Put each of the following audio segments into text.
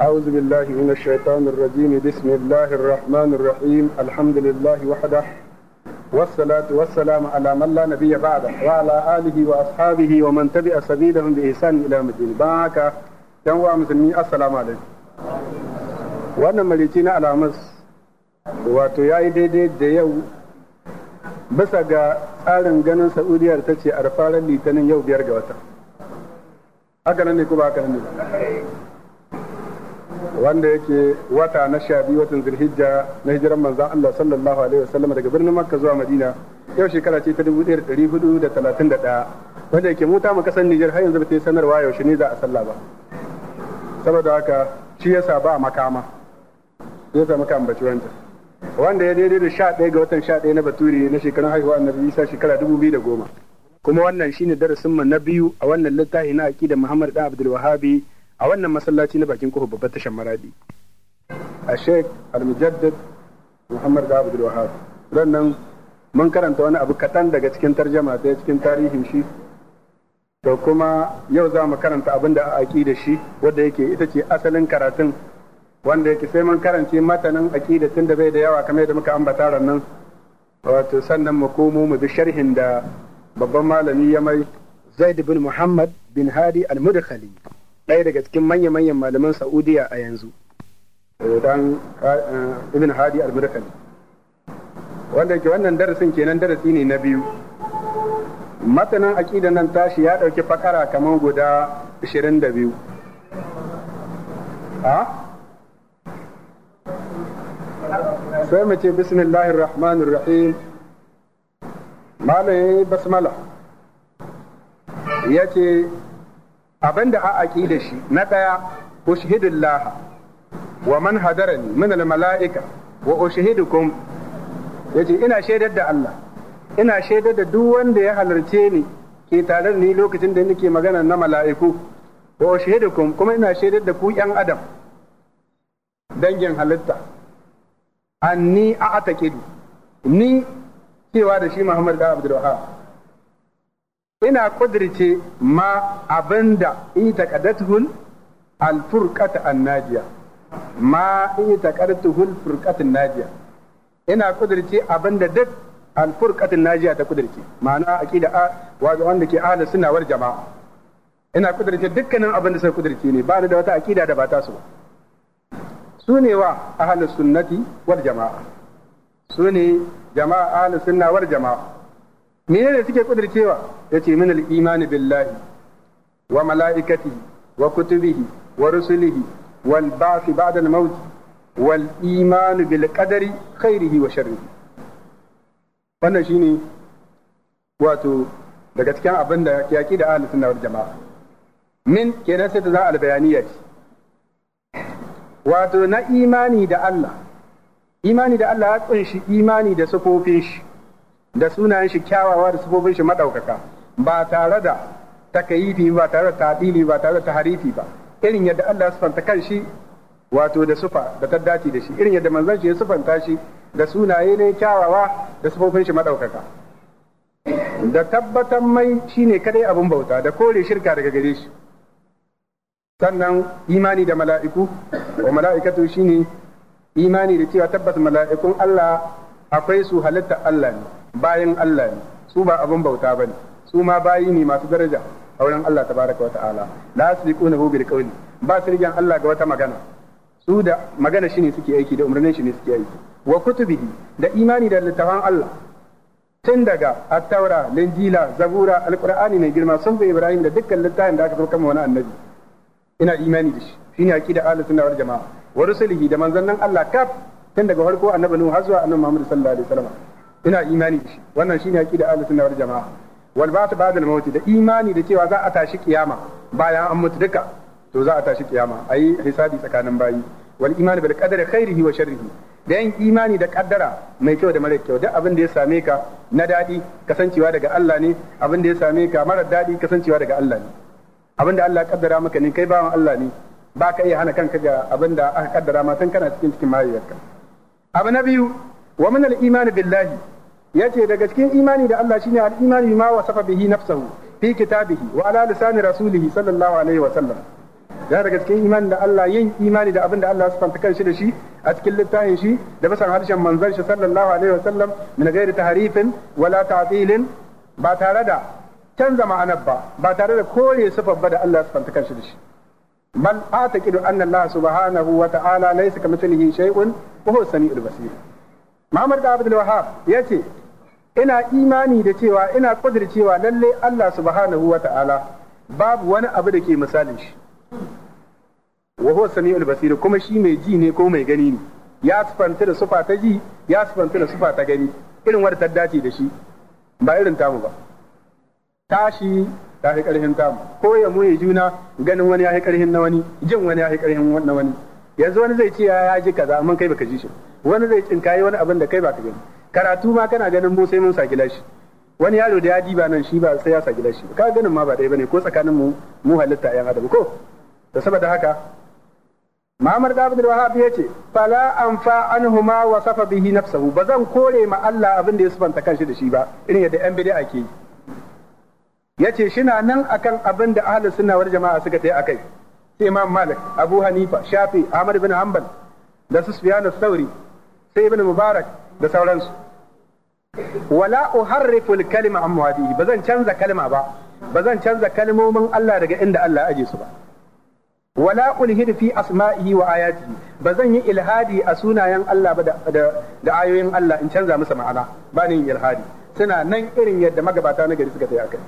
أعوذ بالله من الشيطان الرجيم بسم الله الرحمن الرحيم الحمد لله وحده والصلاة والسلام على من لا نبي بعده وعلى آله وأصحابه ومن تبع سبيلهم بإحسان إلى مدين الدين باكا يوم مسلمين السلام عليكم وانا مليتين على alamus واتو ya yi دي دي yau bisa ga tsarin ganin sa'udiyar ta ce a litinin yau biyar ga wata haka nan wanda yake wata na sha biyu watan zulhijja na hijiran manzan Allah sallallahu alaihi wasallam daga birnin Makka zuwa Madina yau shekara ce ta dubu ɗaya da ɗari da talatin da ɗaya wanda yake muta mu kasan Nijar har yanzu ba ta sanarwa yaushe ne za a sallah ba saboda haka shi yasa ba makama ya samu kan bace wanda wanda ya daidai da sha ga watan sha na baturi na shekarun haihuwa annabi Isa shekara dubu biyu da goma kuma wannan shine darasinmu na biyu a wannan littafi na aqidar Muhammad da Abdul Wahabi a wannan masallaci na bakin kofar babbar tashar maradi a sheikh almujaddad muhammad da abdul wahab rannan mun karanta wani abu kaɗan daga cikin tarjama ta cikin tarihin shi to kuma yau za mu karanta abin da a da shi wadda yake ita ce asalin karatun wanda yake sai mun karance matanin aƙida tun da bai da yawa kamar yadda muka ambata nan wato sannan mu komo mu bi sharhin da babban malami ya mai zaid bin muhammad bin hadi al-mudkhali ɗaya daga cikin manya-manyan malaman Saudiya a yanzu eh, dan eh, Ibn Hadi al-Murkali wanda ke wannan darasin kenan darasi ne na biyu matanan aqidan nan tashi ya ɗauki fakara kamar guda 22 Ha? Ah? sai mu ce bismillahir rahmanir rahim malai basmala ya ce abin da a da shi na ɗaya laha wa man hadarani min mala'ika wa ya ce ina shaidar da Allah ina shaidar da duk wanda ya halarce ni ke tare ni lokacin da nake magana na mala'iku wa ushhidukum kuma ina shaidar da ku yan adam dangin halitta anni a'taqidu ni cewa da shi Muhammad da Abdul ina kudirce ma abinda ita kadatuhul alfurkata annajiya ma ita kadatuhul furqatin najiya ina kudirce abinda duk alfurkatun najiya ta kudirce ma'ana aqida wato wanda ke ahli sunna wal jama'a ina kudirce dukkanin abinda sai kudirce ne ba ni da wata aqida da ba ta su ba su ne wa ahli sunnati wal jama'a su ne jama'a ahli sunna wal jama'a menene suke kudircewa ya ce min al-iman billahi wa mala'ikati wa kutubihi wa rusulihi wal ba'th ba'da al-maut wal iman bil qadari khairihi wa sharrihi wannan shine wato daga cikin abin da yaki da ahlus sunna wal jama'a min kenan sai ta za al-bayaniyya wato na imani da Allah imani da Allah ya kunshi imani da sufofin shi da sunayen shi kyawawa da sufofin shi madaukaka ba tare da takayifi ba tare da tadili ba tare da taharifi ba irin yadda Allah ya kan kanshi wato da sufa da ta da shi irin yadda manzon shi ya sifanta shi da sunaye ne kyawawa da sufofin shi madaukaka da tabbatan mai shine kadai abin bauta da kore shirka daga gare shi sannan imani da mala'iku wa mala'ikatu shine imani da cewa tabbas mala'ikun Allah akwai su halitta Allah ne bayan Allah ne su ba abin bauta bane su ma bayi ne masu daraja a wurin Allah tabaraka wa ta'ala la yasbiqunahu bil qawli ba su rigan Allah ga wata magana su da magana shine suke aiki da umarnin shi ne suke aiki wa kutubihi da imani da littafan Allah tun daga at-taura linjila zabura alqur'ani mai girma sun bai ibrahim da dukkan littafin da aka kama wani annabi ina imani da shi shine aqida ahlus sunna wal jamaa wa rusulihi da manzannin Allah kaf tun daga farko annabi nuhu har zuwa annabi Muhammad sallallahu alaihi wasallam ina imani da shi wannan shine aqida ahlus sunna wal jamaa wal ba'th ba'da al maut da imani da cewa za a tashi kiyama bayan an mutu duka to za a tashi kiyama ayi hisabi tsakanin bayi wal imani bil qadari khairihi wa sharrihi da yin imani da kaddara mai kyau da mara kyau duk abin da ya same ka na dadi kasancewa daga Allah ne abin da ya same ka mara dadi kasancewa daga Allah ne abin da Allah kaddara maka ne kai bawan Allah ne ba ka iya hana kanka ga abin da aka kaddara ma tun kana cikin cikin mahaifiyarka abu na biyu wa min al imani billahi yace daga cikin imani da Allah shine al-imani ma wasafa bihi nafsuhu fi kitabihi wa ala lisani rasulihi sallallahu alaihi wa sallam da daga cikin imani da Allah yin imani da abin da Allah ya sifanta kanshi da shi a cikin littafin shi da bisan harshen manzon shi sallallahu alaihi wa sallam min ghairi tahrifin wala ta'dilin ba tare da canza ma'anar ba ba tare da kore sifar ba da Allah ya sifanta kanshi da shi bal ataqidu anna Allah subhanahu wa ta'ala laysa kamithlihi shay'un wa huwa as-sami'ul basir Muhammad Abdul Wahhab yace ina imani da cewa ina cewa lalle Allah subhanahu wa ta'ala babu wani abu da ke misalin shi wa huwa sami'ul basir kuma shi mai ji ne ko mai gani ne ya sufanta da sufa ta ji ya sufanta da sufa ta gani irin wadda ta dace da shi ba irin tamu ba tashi ta fi ƙarfin tamu ko ya muye juna ganin wani ya fi ƙarfin na wani jin wani ya fi ƙarfin na wani yanzu wani zai ce ya ji kaza amma kai baka ji shi wani zai cinkaye wani abin da kai baka gani karatu ma kana ganin mu sai mun saki lashi wani yaro da ya diba nan shi ba sai ya saki lashi ka ganin ma ba dai bane ko tsakanin mu mu halitta yan adam ko da saboda haka Ma'amar da Abdul Wahab ya ce fala anfa anhuma wa safa bihi nafsuhu bazan kore ma Allah abin da ya subanta kanshi da shi ba irin yadda yan bid'a ke yi yace shina nan akan abin da ahlus sunna wal jama'a suka tayi akai sai Imam Malik Abu Hanifa Shafi Ahmad bin Hanbal da Sufyan ats sai Ibn Mubarak da sauransu wala uharrifu al-kalima an muwadihi bazan canza kalma ba bazan canza kalmomin Allah daga inda Allah ya aje su ba wala ulhid fi asma'ihi wa ayatihi bazan yi ilhadi a sunayen Allah ba da ayoyin Allah in canza musu ma'ana ba ni ilhadi suna nan irin yadda magabata na gari suka tayi akai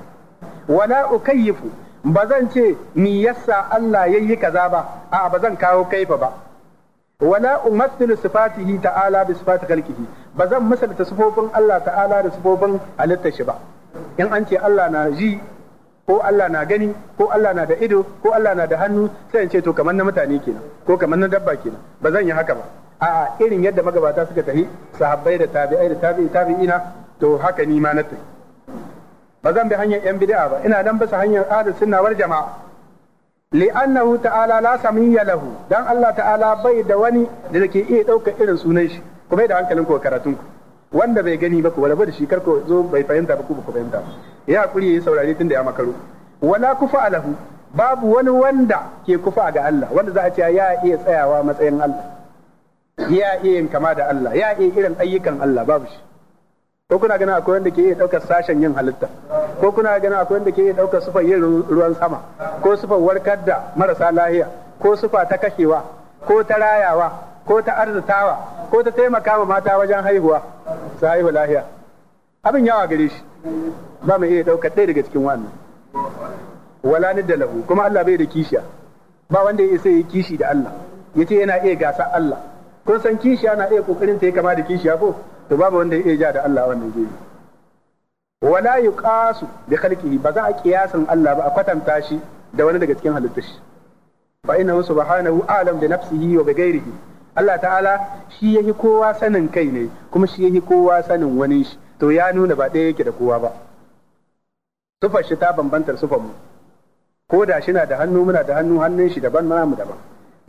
wala ukayyifu bazan ce ni yassa Allah yayi kaza ba a bazan kawo kaifa ba wala umathilu sifatihi ta'ala bi sifati khalqihi ba zan misalta sufofin Allah ta'ala da sufofin halittar shi ba in an ce Allah na ji ko Allah na gani ko Allah na da ido ko Allah na da hannu sai in ce to kamar na mutane kenan ko kamar na dabba kenan ba zan yi haka ba a'a irin yadda magabata suka tafi sahabbai da tabi'ai da tabi'i tabi'ina to haka ni ma na tafi ba zan bi hanyar yan bid'a ba ina dan bisa hanyar ahlus sunna wal jama'a li'annahu ta'ala la samiyya lahu dan Allah ta'ala bai da wani da ke iya ɗaukar irin sunan shi ku bai da hankalin ku karatun ku wanda bai gani ba ku wala da shi kar ku zo bai fahimta ba ku ba ku fahimta ya kuri ya saurari tunda ya makaro wala kufa alahu babu wani wanda ke kufa ga Allah wanda za a ce ya iya tsayawa matsayin Allah ya iya yin kama da Allah ya iya irin ayyukan Allah babu shi ko kuna gana akwai wanda ke iya daukar sashen yin halitta ko kuna gana akwai wanda ke iya daukar sufar yin ruwan sama ko sufar warkar da marasa lahiya ko sufa ta kashewa ko ta rayawa ko ta arzitawa ko ta taimaka ma mata wajen haihuwa su haihu lahiya abin yawa gare shi ba mu iya ɗaukar ɗaya daga cikin wannan wala da lahu kuma Allah bai da kishiya ba wanda ya isa ya kishi da Allah ya ce yana iya gasa Allah kun san kishiya na iya kokarin ta ya kama da kishiya ko to ba wanda ya iya ja da Allah wannan zai wala yuqasu bi khalqihi ba za a kiyasan Allah ba a kwatanta shi da wani daga cikin halittar shi fa innahu subhanahu alam bi nafsihi wa bi ghairihi Allah ta'ala shi ya yi kowa sanin kai ne kuma shi ya yi kowa sanin wani shi to ya nuna ba ɗaya yake da kowa ba sufar shi ta bambantar sufar mu ko da shi na da hannu muna da hannu hannun shi daban namu daban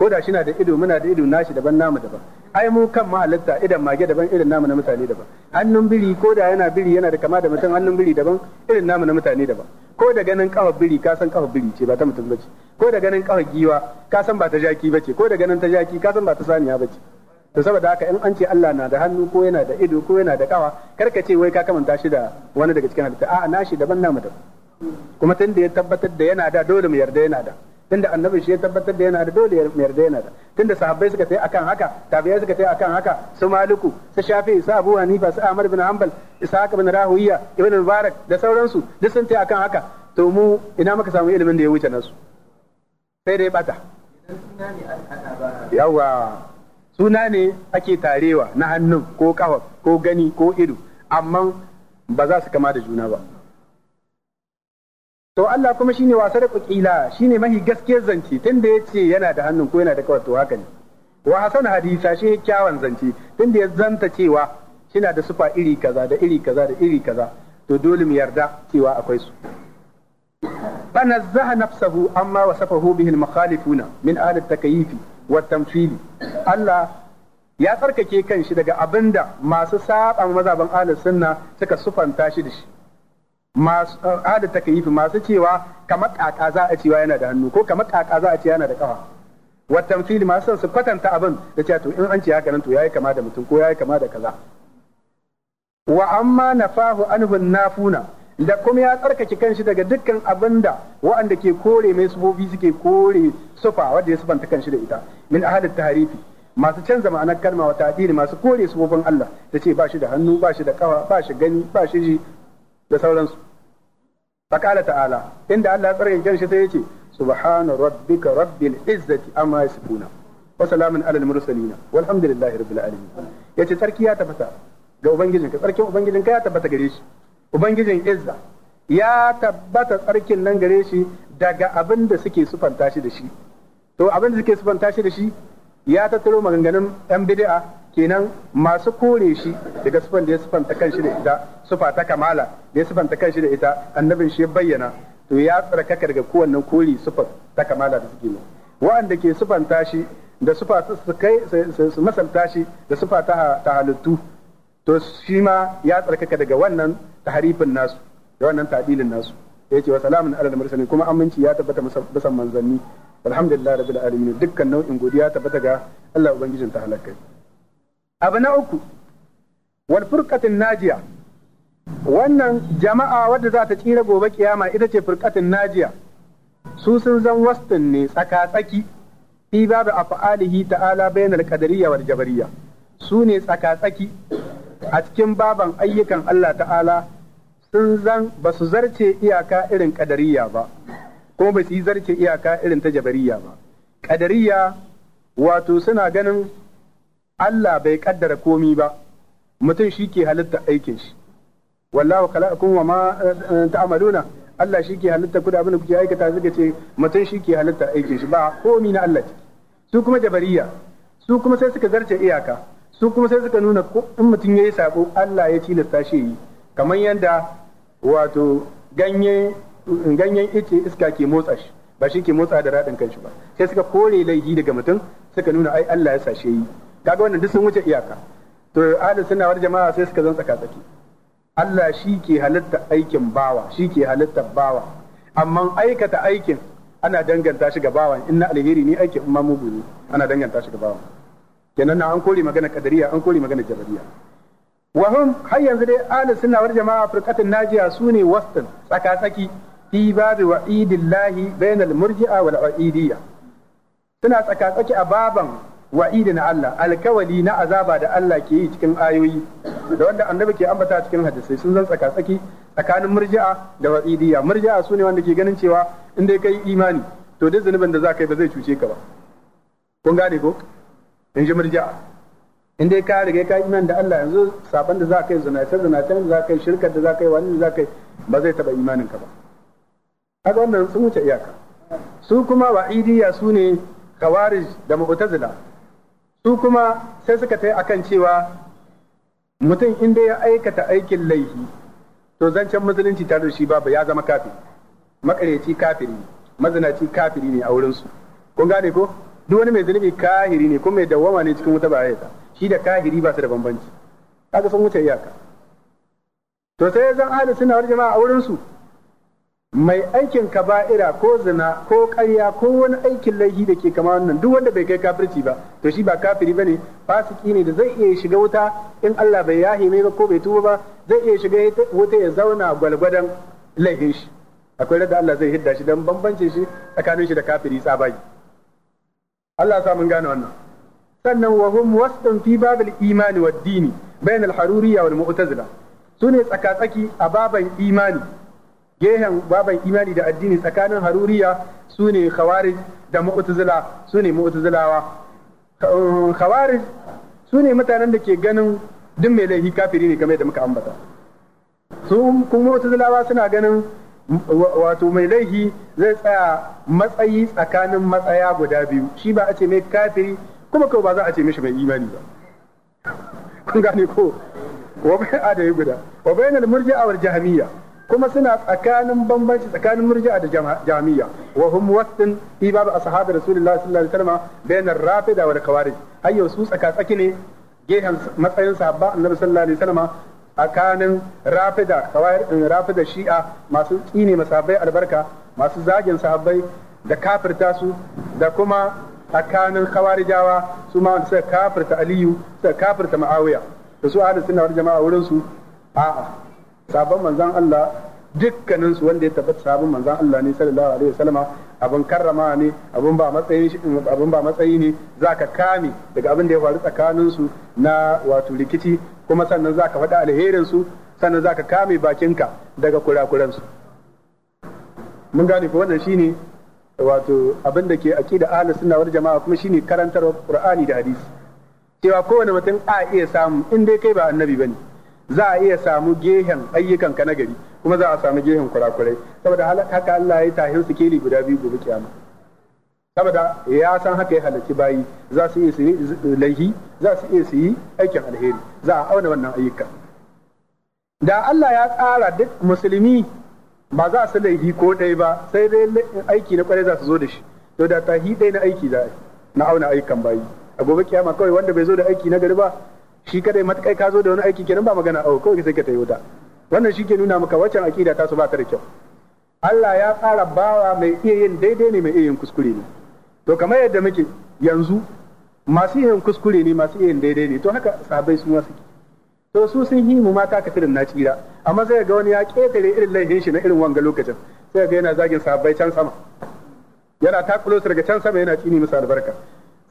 ko da shi na da ido muna da ido nashi daban namu daban ai mu kan mahalarta idan mage daban irin namu na mutane daban hannun biri ko da yana biri yana da kama da mutum hannun biri daban irin namu na mutane daban ko da ganin kafa biri ka san kafa biri ce ba ta mutum ba ce. ko da ganin kawai giwa ka san ba ta jaki ce, ko da ganin ta jaki ka san ba ta saniya ba ce, to saboda haka in an ce Allah na da hannu ko yana da ido ko yana da kawa kar ka ce wai ka kamanta shi da wani daga cikin halitta a'a na shi daban na mutum kuma tun da ya tabbatar da yana da dole mu yarda yana da tunda annabi shi ya tabbatar da yana da dole mu yarda yana da tunda sahabbai suka tai akan haka tabi'ai suka tai akan haka su maliku su shafi su abu hanifa su amr bin hanbal ishaq bin rahuwiya ibn mubarak da sauransu duk sun tai akan haka to mu ina muka samu ilimin da ya wuce nasu sai dai bata yawa suna ne ake tarewa na hannun ko kafa ko gani ko ido amma ba za su kama da juna ba to Allah kuma ne wasa da kila ne mahi gaskiyar zance tunda ya ce yana da hannun ko yana da kawar to haka ne wa hasan hadisa shi kyawan zance tunda ya zanta cewa shina da sufa iri kaza da iri kaza da iri kaza to dole mu yarda cewa akwai su فنزه نفسه عما وصفه به المخالفون من آل التكييف والتمثيل الله ya tsarkake kan shi daga abinda da masu saba mazaban ahlus sunna suka sufanta shi da shi masu ahli takyifi masu cewa kamar kaka za a yana da hannu ko kamar kaka za a yana da kafa wa tamthili masu son su kwatanta abin da cewa to in an ce haka nan to yayi kama da mutum ko yayi kama da kaza wa amma nafahu anhu nafuna da kuma ya tsarkake kanshi daga dukkan abinda wa'anda ke kore mai sufofi suke kore sufa wanda ya sufanta kanshi da ita min ahadat tahrifi masu canza ma'anar kalma wa ta'dili masu kore sufofin Allah da ce ba shi da hannu ba shi da kawa ba shi gani ba shi ji da sauransu faqala ta'ala inda Allah ya tsarkake kanshi sai yace subhana rabbika rabbil izzati amma yasifuna wa salamun alal mursalin walhamdulillahi rabbil alamin yace tsarki ya tabbata ga ubangijinka sarkin ubangijinka ya tabbata gare shi ubangijin izza ya tabbata tsarkin nan gare shi daga abin da suke sufanta shi da shi to abin da suke sufanta shi da shi ya tattaro maganganun yan bidi'a kenan masu kore shi daga sufan da ya sufanta shi da ita sufa ta kamala da ya sufanta shi da ita annabin shi ya bayyana to ya tsarkaka daga kowannen kore sufa ta kamala da suke ne wa'anda ke sufanta shi da sufa su kai su masalta shi da sufa ta halittu to shi ma ya tsarkaka daga wannan tahrifin nasu da wannan ta'dilin nasu ya ce wa salamun alal mursalin kuma aminci ya tabbata bisan manzanni alhamdulillah rabbil alamin dukkan nau'in godiya tabbata ga Allah ubangijin ta halakkai abu na uku wal furqatin najiya wannan jama'a wadda za ta tsira gobe kiyama ita ce furqatin najiya su sun zan wastin ne tsaka tsaki fi babu af'alihi ta'ala bainal qadariyya wal jabariyya su ne tsaka tsaki a cikin baban ayyukan Allah ta'ala sun zan ba su zarce iyaka irin kadariya ba ko ba su yi zarce iyaka irin ta jabariya ba kadariya wato suna ganin Allah bai kaddara komi ba mutum shi ke halitta aikin shi wallahu khalaqakum wa ma eh, eh, ta'maluna Allah shi ke halitta ku da abin da kuke aikata suka ce mutum shi ke halitta aikin shi ba komi na Allah su kuma jabariya su kuma sai suka zarce iyaka su kuma sai suka nuna in mutum ya yi saƙo Allah ya tilasta shi yi kamar yadda wato ganyen ice iska ke motsa shi ba shi ke motsa da radin kanshi ba sai suka kore laifi daga mutum suka nuna ai Allah ya sashe yi kaga wannan duk sun wuce iyaka to ahli sunna wal jama'a sai suka zan tsaka tsaki Allah shi ke halitta aikin bawa shi ke halitta bawa amma aikata aikin ana danganta shi ga bawan inna alheri ne aikin umma mugu ne ana danganta shi ga bawan kenan na an kore magana kadariya an kore magana jabariya wahum har yanzu dai ahlus suna wal jama'a firqatun najiya sune wastan tsaka tsaki fi babi wa'idillahi bainal murji'a wal wa'idiyya suna tsaka tsaki a baban wa'idi na Allah alkawali na azaba da Allah ke yi cikin ayoyi da wanda annabi ke ambata cikin hadisai sun zan tsaka tsaki tsakanin murji'a da wa'idiyya murji'a sune wanda ke ganin cewa in dai kai imani to duk zunubin da za ka yi ba zai cuce ka ba kun gane ko in ji murji'a in dai ka riga ka iman da Allah yanzu saban da za ka yi zinace zinace da za ka yi shirkar da za ka yi wani da za ka yi ba zai taba imanin ka ba kaga wannan sun wuce iyaka su kuma wa'idiyya su ne khawarij da mu'tazila su kuma sai suka tai akan cewa mutum in dai ya aikata aikin laifi to zancen musulunci tare da shi babu ya zama kafiri makareci kafiri mazinaci kafiri ne a wurinsu kun gane ko duk wani mai zunubi kahiri ne kuma mai dawwama ne cikin wuta ba ya shi da kahiri ba su da bambanci kaga sun wuce iyaka to sai zan ahli sunna wal jama'a a wurin su mai aikin kaba'ira ko zina ko ƙarya ko wani aikin laifi da ke kama wannan duk wanda bai kai kafirci ba to shi ba kafiri bane fasiki ne da zai iya shiga wuta in Allah bai yahi mai ba ko bai tuba ba zai iya shiga wuta ya zauna gwalgwadan laifin shi akwai da Allah zai hidda shi dan bambance shi tsakanin shi da kafiri tsabagi Allah ya sa mun gane wannan sannan wa hum wasdun fi babul imani wad dini bayan al-haruriyya wal mu'tazila sune tsakatsaki a baban imani gehen baban imani da addini tsakanin haruriyya sune khawarij da mu'tazila sune mu'tazilawa khawarij sune mutanen da ke ganin duk mai laifi kafiri ne kamar da muka ambata su kuma mu'tazilawa suna ganin wato mai laifi zai tsaya matsayi tsakanin matsaya guda biyu shi ba a ce mai kafiri kuma kawai ba za a ce mishi mai imani ba kun gane ko wa bai'a da guda wa na murji a jahamiyya kuma suna tsakanin bambanci tsakanin murji da jahamiyya wa hum wastin fi babu ashabi rasulullahi sallallahu alaihi wasallam bainar rafida wani khawarij ayyo su tsaka tsaki ne gehen matsayin sahabba annabi sallallahu alaihi wasallam tsakanin rafida kawai rafida shi'a masu tsine masahabai albarka masu zagin sahabbai da kafirta su da kuma tsakanin khawarijawa su ma suka kafirta aliyu suka kafirta ma'awiya da su ahlus sunna wal jama'a wurin su a'a sabon manzon Allah dukkanin wanda ya tabbata sabon manzon Allah ne sallallahu alaihi wasallama abun karrama ne abun ba matsayi abun ba matsayi ne zaka kame daga abin da ya faru tsakanin su na wato rikici kuma sannan zaka faɗa alherin su sannan zaka kame bakinka daga kurakuran su mun gane ko wannan shine wato abin da ke aƙida ahlus sunna wal jama'a kuma shine karantar qur'ani da hadisi cewa kowane mutum a iya samu in dai kai ba annabi bane za a iya samu gehen ayyukan ka nagari kuma za a samu gehen kurakurai saboda haka Allah ya tahin su keli guda biyu gobe kiyama saboda ya san haka ya halarci bayi za su iya su laihi za su iya su yi aikin alheri za a auna wannan ayyuka da Allah ya tsara duk musulmi ba za su laifi ko ɗaya ba sai dai aiki na ƙwarai za su zo da shi to da ta hi ɗaya na aiki za na auna ayyukan bayi a gobe kiyama kawai wanda bai zo da aiki na gari ba shi kadai matakai ka zo da wani aiki kenan ba magana au oh, kawai sai ka tayi wuta wannan shi ke nuna maka waccan aƙida ta su ba ta da kyau Allah ya tsara bawa mai iya yin daidai ne mai iya yin kuskure ne to kamar yadda muke yanzu masu yin kuskure ne masu iya yin daidai ne to haka sahabbai sun wasu to su sun yi mu mata kafirin na tsira amma sai ga wani ya ketare irin laifin shi na irin wanga lokacin sai ga yana zagin sahabbai can sama yana takulo su daga can sama yana tsini musu albarka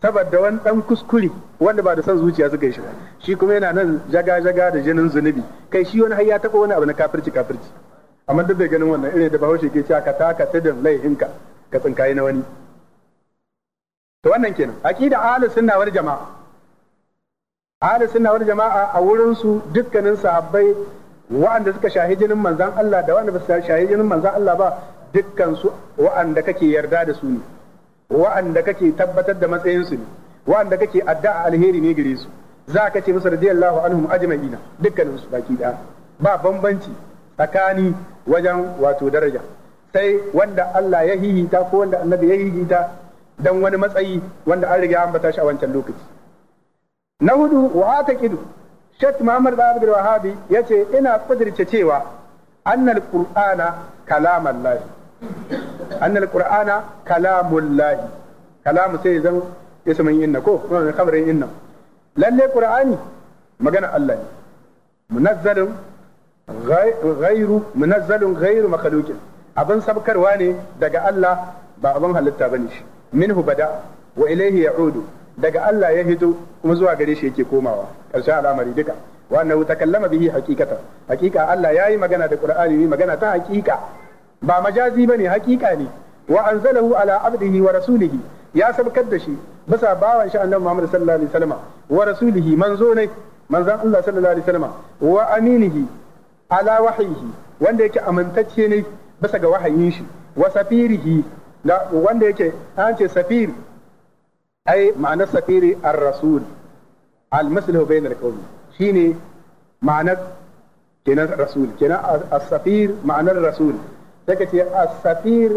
saboda wani dan kuskure wanda ba da son zuciya suka yi shi shi kuma yana nan jaga jaga da jinin zunubi kai shi wani har ya taba wani abu na kafirci kafirci amma duk da ganin wannan irin da bahaushe ke cewa ka taka tudun laifin ka yi na wani to wannan kenan aqida ahlus sunna wal jamaa ahli sunna wal jama'a a wurin su dukkanin sahabbai wa'anda suka shahi jinin manzon Allah da wa'anda suka shahi jinin manzon Allah ba dukkan su wa'anda kake yarda da su ne wa'anda kake tabbatar da matsayin su ne wa'anda kake adda'a alheri ne gare su za ka ce musu radiyallahu anhum ajma'ina dukkanin su baki da ba bambanci tsakani wajen wato daraja sai wanda Allah ya hihita ko wanda annabi ya hihita dan wani matsayi wanda an riga an bata shi a wancan lokaci na hudu wa ta kidu Sheikh Muhammad Abdul Wahabi ce ina kudirce cewa annal qur'ana kalamullahi annal qur'ana lahi kalamu sai zan ismin inna ko kuma kamarin inna lalle qur'ani magana Allah ne Munazzalin gairu munazzalun ghairu makhluqin abin sabkarwa ne daga Allah ba abin halitta ne shi minhu bada wa ilayhi ya'udu daga Allah ya hito kuma zuwa gare shi yake komawa ƙarshen al'amari duka wa wuta kallama bihi hakikata hakika Allah yayi magana da Qur'ani magana ta hakika ba majazi bane haqiqa ne wa anzalahu ala abdihi wa rasulihi ya sabkar da shi bisa bawan shi annabi Muhammad sallallahu alaihi wasallam wa rasulihi manzo ne manzon Allah sallallahu alaihi wasallam wa aminihi ala wahyihi wanda yake amintacce ne bisa ga wahayin shi wa safirihi da wanda yake an ce safir ai ma'anar safiri ar-rasul al-maslahu bain al shine ma'anar rasul kenan as-safir ma'anar rasul take ce as-safir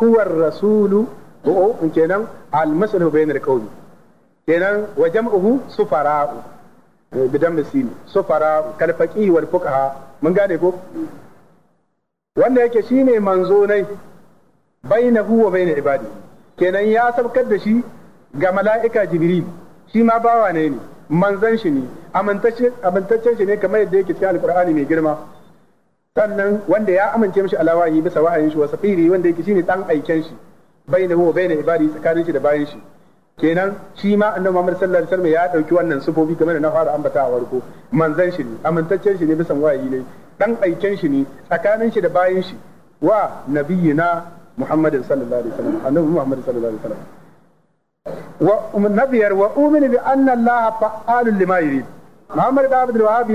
huwa ar kenan al-maslahu bain al kenan wa jam'uhu sufara'u bidan misini sufara'u kal faqih wal mun gane ko wanda yake shine manzo ibadi kenan ya sabkar da shi ga mala'ika jibril shi ma bawa ne ne manzan shi ne amintaccen shi ne kamar yadda yake cikin alkur'ani mai girma sannan wanda ya amince mishi alawahi bisa wahayin shi wa safiri wanda yake shine dan aiken shi wo bai baina ibadi tsakanin shi da bayan shi kenan shi ma annabi Muhammad sallallahu alaihi wasallam ya dauki wannan sufofi game da na fara ambata a warko manzan shi ne amintaccen shi ne bisa wahayi ne dan aiken shi ne tsakanin shi da bayan shi wa nabiyina Muhammadin sallallahu alaihi wasallam annabi Muhammad sallallahu alaihi wasallam wa um-, na biyar wa uminu bi anna Allah fa'alul lima yurid Muhammad ya ce Wahhab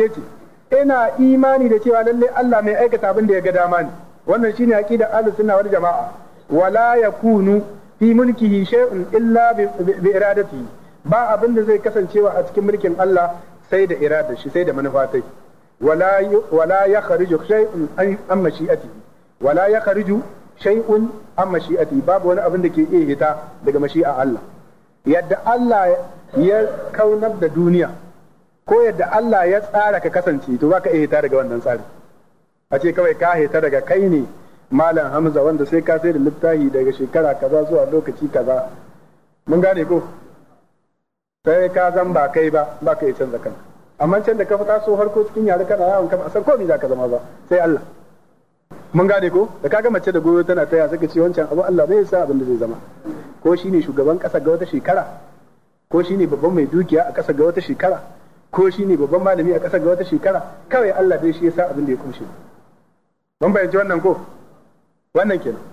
ina imani da cewa lallai Allah mai aikata abin da ya ga dama wannan shine aqidar ahlus sunna wani jamaa wala kunu fi mulkihi shay'un illa bi iradatihi ba abin da zai kasancewa a cikin mulkin Allah sai da iradar shi sai da manufatai wala wala yakhruju shay'un an mashi'atihi wala yakhruju babu wani abin da ke iya hita daga mashi'a Allah yadda Allah ya kaunar da duniya ko yadda Allah ya tsara ka kasance to baka iya tare daga wannan tsari a ce kawai ka hita daga kai ne malam Hamza wanda sai ka sai da littafi daga shekara kaza zuwa lokaci kaza mun gane ko sai ka zan ba kai ba baka iya canza kanka amma can da ka fita so harko cikin yare kana yawon kama a san komai za zaka zama ba sai Allah mun gane ko da kaga mace da goyo tana taya saka ce wancan abu Allah bai sa abin da zai zama ko shine shugaban kasa ga wata shekara ko shine babban mai dukiya a kasa ga wata shekara ko shine babban malami a kasa ga wata shekara kawai Allah dai shi yasa abin da ya kumshe mun bayyana wannan ko wannan kenan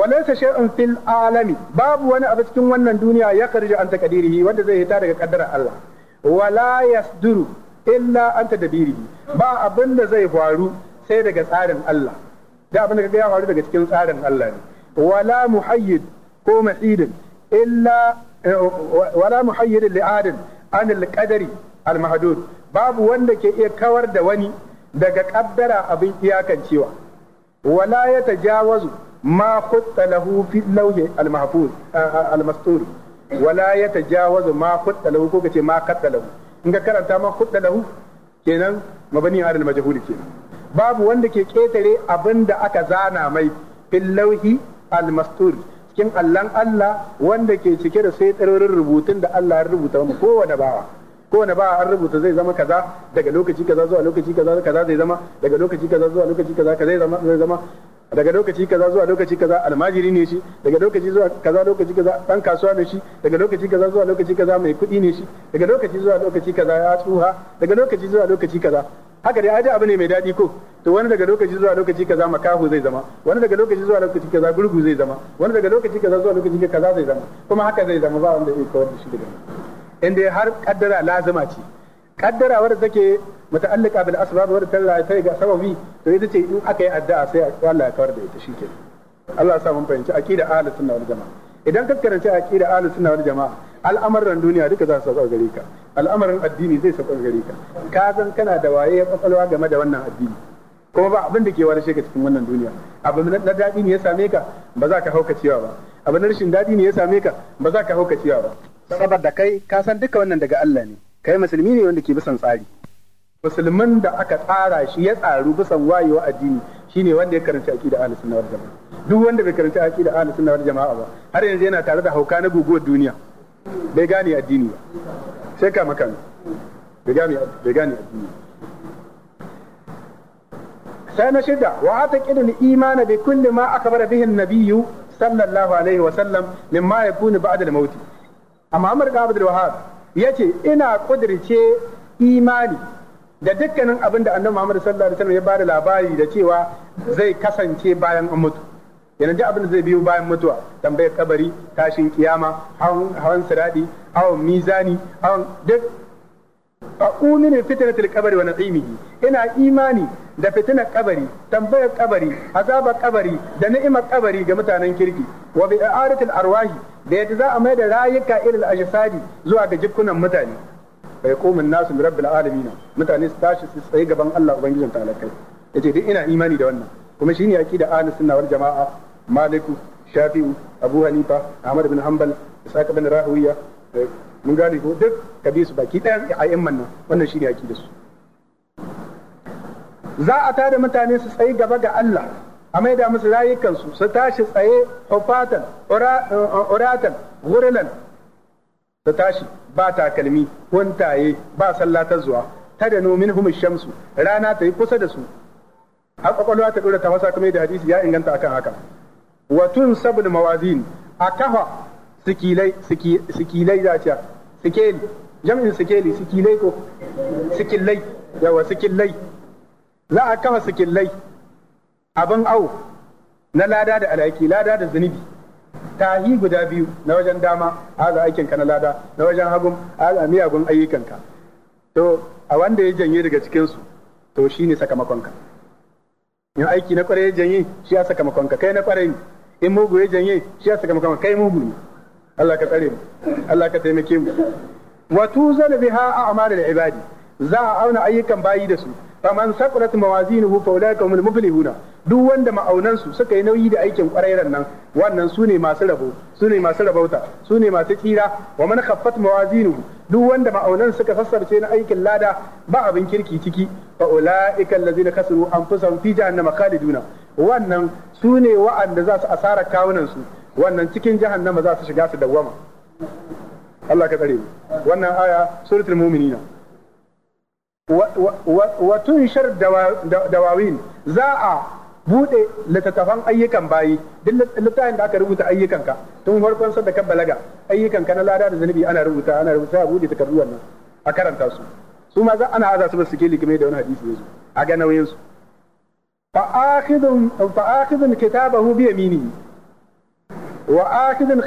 walaysa shay'un fil alami babu wani abu cikin wannan duniya ya karji an takadirihi wanda zai hita daga kaddarar Allah wala yasduru illa an tadbirihi ba abin da zai faru sai daga tsarin Allah da abin da kaga ya faru daga cikin tsarin Allah ne wala muhayyid ko ma'idin illa wala muhayyirin li'adin an babu wanda ke iya kawar da wani daga kaddara abin iyakancewa karanta kenan mabani babu wanda ke ketare abin da aka zana mai fil lawhi cikin allan Allah wanda ke cike da sai tsirorin rubutun da Allah ya rubuta mu kowane bawa kowane bawa an rubuta zai zama kaza daga lokaci kaza zuwa lokaci kaza kaza zai zama daga lokaci kaza zuwa lokaci kaza kaza zai zama zai zama daga lokaci kaza zuwa lokaci kaza almajiri ne shi daga lokaci zuwa kaza lokaci kaza dan kasuwa ne shi daga lokaci kaza zuwa lokaci kaza mai kuɗi ne shi daga lokaci zuwa lokaci kaza ya tsuha daga lokaci zuwa lokaci kaza haka dai aje abu ne mai daɗi ko to wani daga lokaci zuwa lokaci kaza makahu zai zama wani daga lokaci zuwa lokaci kaza gurgu zai zama wani daga lokaci kaza zuwa lokaci kaza zai zama kuma haka zai zama ba wanda zai kawar da shi daga in dai har kaddara lazima ce kaddara wadda take muta'allika bil asbab wadda ta ta ga sababi to ita ce in aka yi addu'a sai Allah ya kawar da ita ke Allah ya sa mun fahimci aqida ahlus sunna wal jamaa idan ka karanci aqida ahlus sunna wal jama'a al'amuran duniya duka za su sauka gare ka al'amarin addini zai sauka gare ka ka san kana da waye kwakwalwa game da wannan addini kuma ba abin da ke wani ka cikin wannan duniya abu na daɗi ne ya same ka ba za ka hauka cewa ba abu na rashin daɗi ne ya same ka ba za ka hauka cewa ba saboda kai ka san duka wannan daga Allah ne kai musulmi ne wanda ke bisan tsari musulman da aka tsara shi ya tsaru bisan wayewa addini shine wanda ya karanci aqida ahlus sunna wal jamaa duk wanda bai karanci aqida ahlus sunna wal jamaa ba har yanzu yana tare da hauka na guguwar duniya bai gane addini ba sai ka makan bai gane bai gane addini sai na shida wa ataqidu al imana bi kulli ma akbara bihi an nabiyyu sallallahu alaihi wa sallam mimma yakunu ba'da al mauti amma amr ga abdul wahhab yace ina kudirce imani da dukkanin abin da annabi Muhammad sallallahu alaihi wasallam ya bada labari da cewa zai kasance bayan an mutu yana da abin da zai biyo bayan mutuwa tambayar kabari tashin kiyama hawan siradi hawan mizani hawan duk aquni ne fitnatul qabri wa na'imihi ina imani da fitinar kabari tambayar kabari azabar kabari da ni'imar kabari ga mutanen kirki wa bi'aratil arwahi da yadda za a mai da rayuka ilal ajsadi zuwa ga jikunan mutane bai komin nasu bi rabbil alamin mutane su tashi su tsaye gaban Allah ubangijin talakai yace duk ina imani da wannan kuma shine aqida ahlus sunna wal jamaa maliku shafi'u abu hanifa ahmad bin hanbal isaac bin rahawiya eh, mun gane ko duk kabi su baki a a'imman nan wannan shine da su za a tada mutane su tsaye gaba ga Allah a maida musu rayukansu su tashi tsaye hufatan eh, eh, uratan gurilan ta tashi ba takalmi kuntaye ba sallah ta zuwa ta da nomin humus shamsu rana ta yi kusa da su har kwakwalwa ta dora ta fasa kuma da hadisi ya inganta akan haka wa tun sabul mawazin a kafa sikilai sikilai za ta sikeli jam'in sikeli sikilai ko sikillai yawa sikillai za a kafa sikillai abin au na lada da alaki lada da zunubi tahi guda biyu na wajen dama haza aikin ka na lada na wajen hagun haza miyagun ayyukanka to a wanda ya janye daga cikin su to shine sakamakon ka in aiki na kwarai ya janye shi ya sakamakon ka kai na kwarai in mugu ya janye shi ya sakamakon ka kai mugu ne Allah ka tsare mu Allah ka taimake mu wa tuzal biha a'malul ibadi za a auna ayyukan bayi da su faman saqulat mawazinuhu fa ulaika humul muflihuna duk wanda ma'aunansu suka yi nauyi da aikin kwarairan nan wannan sune masu rabo sune masu rabauta sune masu tsira wa man khaffat mawazinuhu duk wanda ma'aunan suka sassarce na aikin lada ba abin kirki ciki fa ulaika allazina kasaru anfusahum fi jahannama khaliduna wannan sune wa'anda za su asara kawunan su wannan cikin jahannama za su shiga su dawwama Allah ka tsare mu wannan aya suratul mu'minina watun shar dawawin za a bude littattafan ayyukan bayi duk littafin da aka rubuta ayyukanka tun farkon sa da ka balaga ayyukanka na lada da zanibi ana rubuta ana rubuta a bude takardu wannan a karanta su su ma za ana aza su basu su ke da wani hadisi yanzu a ga nauyin su fa akhidun fa akhidun kitabahu bi yaminihi wa akhidun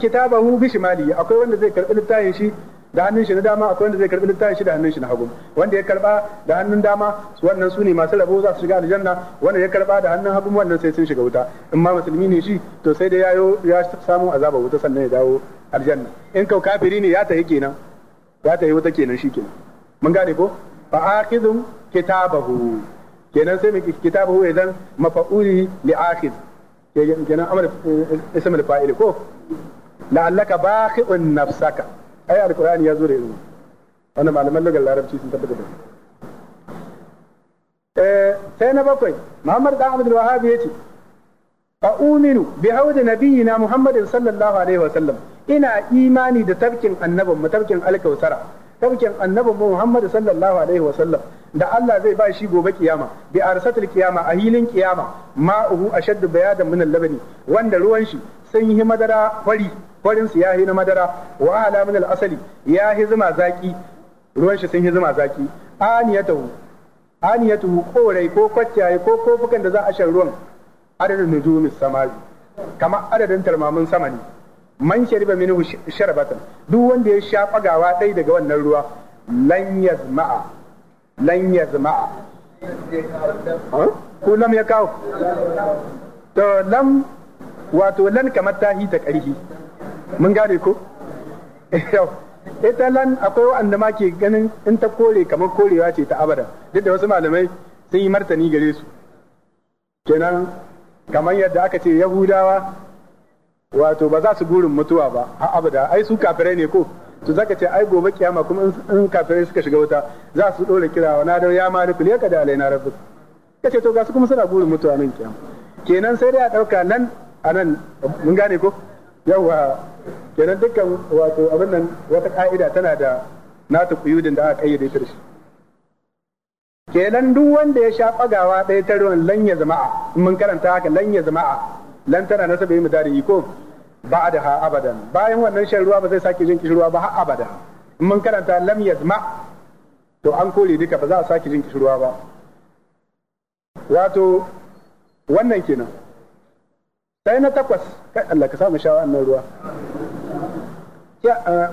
kitabahu bi shimali akwai wanda zai karbi littafin shi da hannun shi na dama akwai wanda zai karbi littafin shi da hannun shi na hagu wanda ya karba da hannun dama wannan su ne masu rabo za su shiga aljanna wanda ya karba da hannun hagu wannan sai sun shiga wuta in ma musulmi ne shi to sai da yayo ya samu azaba wuta sannan ya dawo aljanna in kau kafiri ne ya tafi kenan ya tafi wuta kenan shi kenan mun gane ko fa akhidhu kitabahu kenan sai mu kitabahu idan mafa'uli li akhidh kenan amr eh, ismul fa'il ko la'allaka baqi'un nafsaka ai alkur'ani ya zo da irin wannan malaman lugar larabci sun tabbata da eh, sai na bakwai muhammad dan abdul wahab ya ce a uminu bi haudi nabiyina muhammadin sallallahu alaihi wa sallam ina imani da tafkin annabin mu tafkin alkausara tafkin annabi Muhammad sallallahu alaihi wa sallam da Allah zai ba shi gobe kiyama bi arsatul kiyama a hilin kiyama ma'uhu ashaddu bayadan min al-labani wanda ruwan shi sun yi madara fari farin su yahi na madara wa ala min al-asali yahi zuma zaki ruwan shi sun yi zuma zaki aniyatuhu aniyatuhu korai ko kwacciyaye ko kofukan da za a shan ruwan adadin nujumis samawi kamar adadin tarmamin sama ne man shariba minhu sharbatan duk wanda ya sha fagawa ɗai daga wannan ruwa lan yazma'a lan yazma'a ko lam ya kawo to lam wato lan kamar tahi ta ƙarfi mun gane ko ita lan akwai wa'anda ma ke ganin in ta kore kamar korewa ce ta abada duk da wasu malamai sun yi martani gare su kenan kamar yadda aka ce yahudawa wato ba za su gurin mutuwa ba a abada ai su kafirai ne ko to zaka ce ai gobe kiyama kuma in kafirai suka shiga wuta za su dora kira wa nadar ya maliku ne kada alai na rabbuk kace to ga su kuma suna gurin mutuwa nan kiyama kenan sai dai a dauka nan a nan mun gane ko yawa kenan dukkan wato abin nan wata ka'ida tana da nata kuyudin da aka kayyade ta shi kenan duk wanda ya sha bagawa ɗaya ta ruwan lanya jama'a mun karanta haka lanya jama'a lan tana nasaba yi mudari ko da ha abadan bayan wannan shan ruwa ba zai sake jin kishirwa ba ha abada mun karanta lam yazma to an kore duka ba za a sake jin kishirwa ba wato wannan kenan sai na takwas kai Allah ka samu shawa annan ruwa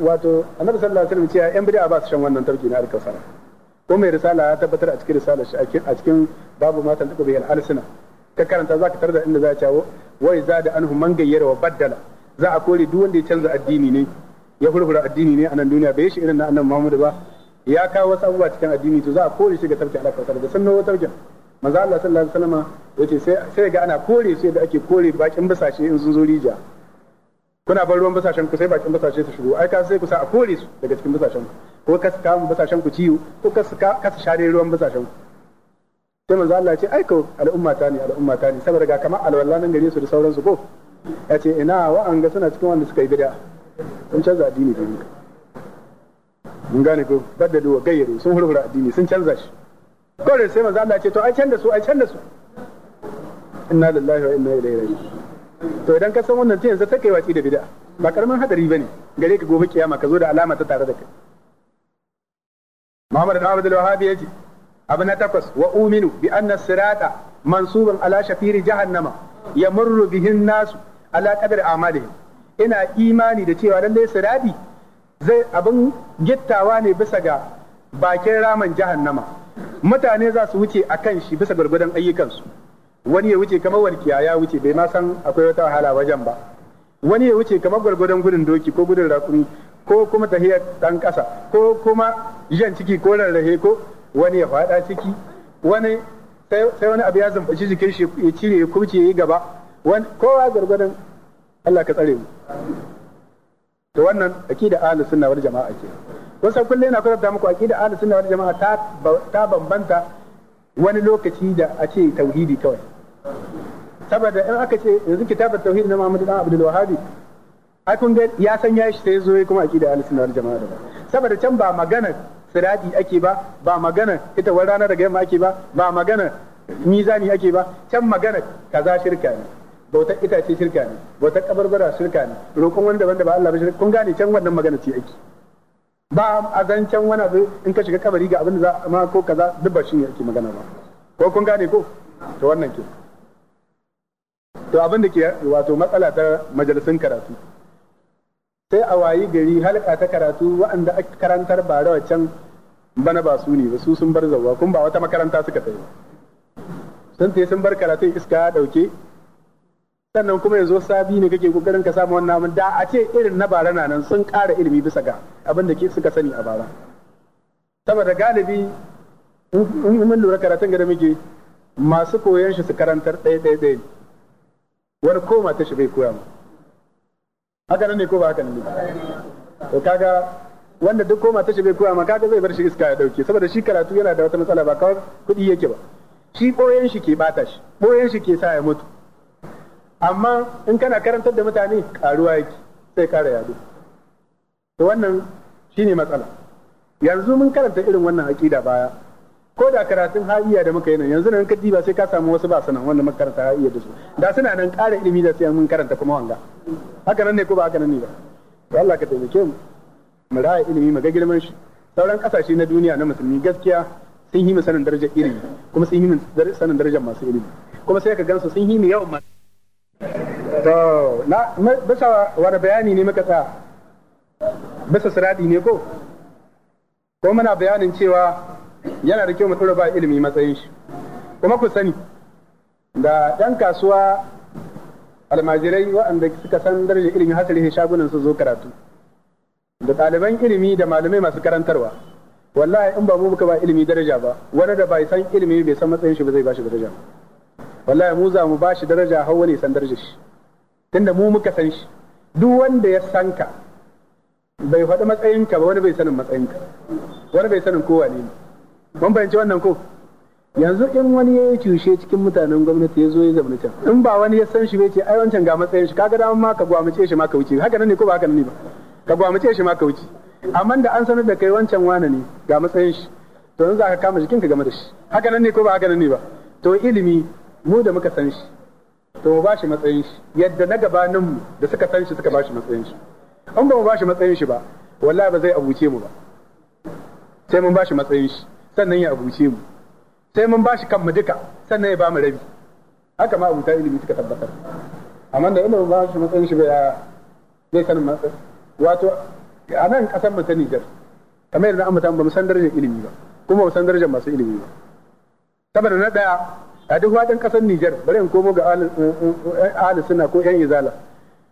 wato annabi sallallahu alaihi wasallam cewa yan bid'a ba su shan wannan tarki na alkasara ko mai risala ya tabbatar a cikin risala shi a cikin babu matan takubi al-alsina ka karanta za ka tarda inda za a cawo wai za da anhu man gayyara wa baddala za a kore duk wanda ya canza addini ne ya hurhura addini ne a nan duniya bai shi irin na annabi Muhammad ba ya kawo wasu abubuwa cikin addini to za a kore shi ga tarki ala kautar da sunna wata tarki manzo Allah sallallahu alaihi wasallam yace sai sai ga ana kore shi da ake kore bakin basashe in sun zo rija kuna bar ruwan basashen ku sai bakin basashe su shigo ai ka sai ku sa a kore su daga cikin basashen ku ko ka saka basashen ku ciwo ko ka saka ka share ruwan basashen ku sai manzo Allah ce aiko al'umma ta ne al'umma ta ne saboda ga kamar alwala nan gare su da sauransu ko ya ce ina wa an ga suna cikin wanda suka yi bid'a sun canza addini da muka mun gane ko baddadu wa gayyaru sun hurhura addini sun canza shi kawai sai manzo Allah ce to ai canza su ai canza su inna lillahi wa inna ilaihi raji to idan ka san wannan yanzu ta kai waci da bid'a ba karamin hadari bane gare ka gobe kiyama ka zo da alama ta tare da kai Muhammad bin Abdul Wahhab yace abu na takwas wa uminu bi anna sirata mansubun ala shafiri jahannama murru bihin nasu ala kadar amalihim ina imani da cewa lallai sirati zai abin gittawa ne bisa ga bakin raman jahannama mutane za su wuce a kan shi bisa gwargwadon ayyukansu wani ya wuce kamar walkiya ya wuce bai ma san akwai wata wahala wajen ba wani ya wuce kamar gwargwadon gudun doki ko gudun rakumi ko kuma tahiyar ɗan ƙasa ko kuma jan ciki ko rarrahe ko wani ya faɗa ciki wani sai wani abu ya zamfaci jikin shi ya cire ya kurce ya yi gaba kowa gargadon Allah ka tsare mu to wannan aqida ahlus sunna wal jama'a ce wasu kullum yana kwatanta muku aqida ahlus sunna wal jama'a ta ta bambanta wani lokaci da a ce tauhidi kawai saboda in aka ce yanzu kitabar tauhidi na muhammadu dan Abdul Wahhab ai kun ga ya san ya shi sai zo kuma aqida ahlus sunna wal jama'a saboda can ba magana siradi ake ba ba magana ita wani rana daga yamma ake ba ba magana mizani ake ba can magana kaza shirka ne bautar itace shirka ne bautar kabarbara shirka ne roƙon wanda wanda ba Allah ba shirka kun gane can wannan magana ce ake ba a zan can wani abu in ka shiga kabari ga abin da za ma ko kaza duk ba shi ne ake magana ba ko kun gane ko to wannan ke to abin da ke wato matsala ta majalisun karatu sai a wayi gari halka ta karatu waɗanda aka karantar ba rawa can bana ba su ne ba su sun bar zawwa kun ba wata makaranta suka tafi sun tafi sun bar karatun iska ya dauke sannan kuma yanzu sabi ne kake kokarin ka samu wannan mun da a ce irin na bara na nan sun ƙara ilimi bisa ga abin da suka sani a bara saboda galibi in mun lura karatun ga da muke masu koyon shi su karantar ɗaya ɗaya ɗaya wani koma ta shi bai koya mu haka nan ne ko ba haka nan ne to kaga wanda duk koma tashi bai koya ma kaga zai bar shi iska ya dauke saboda shi karatu yana da wata matsala ba kawai kuɗi yake ba shi boyen shi ke bata shi boyen shi ke sa ya mutu amma in kana karantar da mutane karuwa yake sai kara yado to wannan shine matsala yanzu mun karanta irin wannan aqida baya ko da karatun ha'iya da muka yi nan yanzu nan ka diba sai ka samu wasu ba sanan wanda muka karanta ha'iya da su da suna nan ƙara ilimi da sai mun karanta kuma wanga haka nan ne ko ba haka nan ne ba to Allah ka taimake mu mu raya ilimi mu ga girman shi sauran kasashe na duniya na musulmi gaskiya sun yi sanin darajar ilimi kuma sun yi sanin darajar masu ilimi kuma sai ka gansu sun yi mu yawan masu to na bisa wani bayani ne muka tsaya bisa siradi ne ko ko muna bayanin cewa yana da kyau mu tura ba ilimi matsayin shi kuma ku sani da ɗan kasuwa almajirai waɗanda suka san darajar ilimi hasali shagunan su zo karatu da ɗaliban ilimi da malamai masu karantarwa wallahi in ba mu muka ba ilimi daraja ba wani da bai san ilimi bai san matsayin shi ba zai bashi daraja ba. wallahi mu za mu bashi daraja har wani san darajar shi tunda mu muka san shi duk wanda ya san ka bai faɗi matsayinka ba wani bai sanin matsayinka wani bai sanin kowa ne mun bayanci wannan ko yanzu in wani ya yi cushe cikin mutanen gwamnati ya zo ya zama can in ba wani ya san shi bai ce ai wancan ga matsayin shi kaga dama ma ka gwamace shi ma ka wuce haka nan ne ko ba haka nan ne ba ka gwamace shi ma ka wuce amma da an sanar da kai wancan wani ne ga matsayin shi to yanzu aka kama jikinka game da shi haka nan ne ko ba haka nan ne ba to ilimi mu da muka san shi to mu bashi matsayin shi yadda na gabanin mu da suka san shi suka bashi matsayin shi an ba mu bashi matsayin shi ba wallahi ba zai abuce mu ba sai mun bashi matsayin shi sannan ya abuce mu sai mun bashi kanmu duka sannan ya mu rabi haka ma abuta ilimi suka tabbatar amma da ilimin ba shi matsayin shi ba ya zai sanin matsayin wato a nan kasar mu Niger Nijar kamar yadda amma ba mu san darajar ilimi ba kuma mu san darajar masu ilimi ba saboda na daya a duk wadin kasar Nijar bari in komo ga ahli eh, eh, eh, suna ko yan izala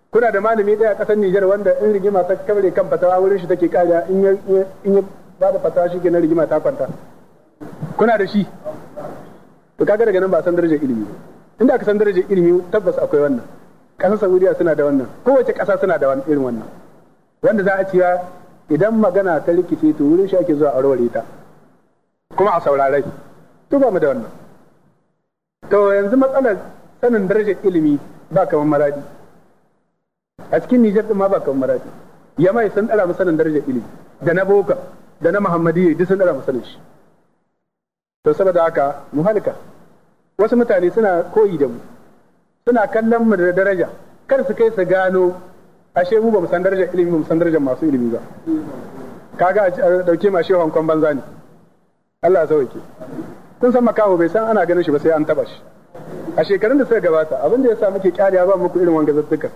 kuna da malami daya kasar Nijar wanda in rigima ta kabare kan fatawa wurin shi take kariya in ya in ya ba da fatawa shi na rigima ta kwanta kuna da shi to kaga daga nan ba san darajar ilimi ba inda aka san darajar ilimi tabbas akwai wannan kasar Saudiya suna da wannan kowace kasa suna da irin wannan wanda za a cewa idan magana ta rikice to wurin shi ake zuwa a warware ta kuma a saurarai to ba mu da wannan to yanzu matsalar sanin darajar ilimi ba kamar maradi a cikin Nijar din ma ba kamar maradi yamai sun dara mu sanin darajar ilimi da na boka da na muhammadiyya duk sun dara mu sanin shi to saboda haka mu halka wasu mutane suna koyi da mu suna kallon mu da daraja kar su kai su gano ashe mu ba mu san darajar ilimi ba mu san darajar masu ilimi ba kaga a dauke ma shehu hankon banza ne Allah ya sauke kun san makaho bai san ana ganin shi ba sai an taba shi a shekarun da suka gabata abin da ya sa muke kyariya ba muku irin wanga zattuka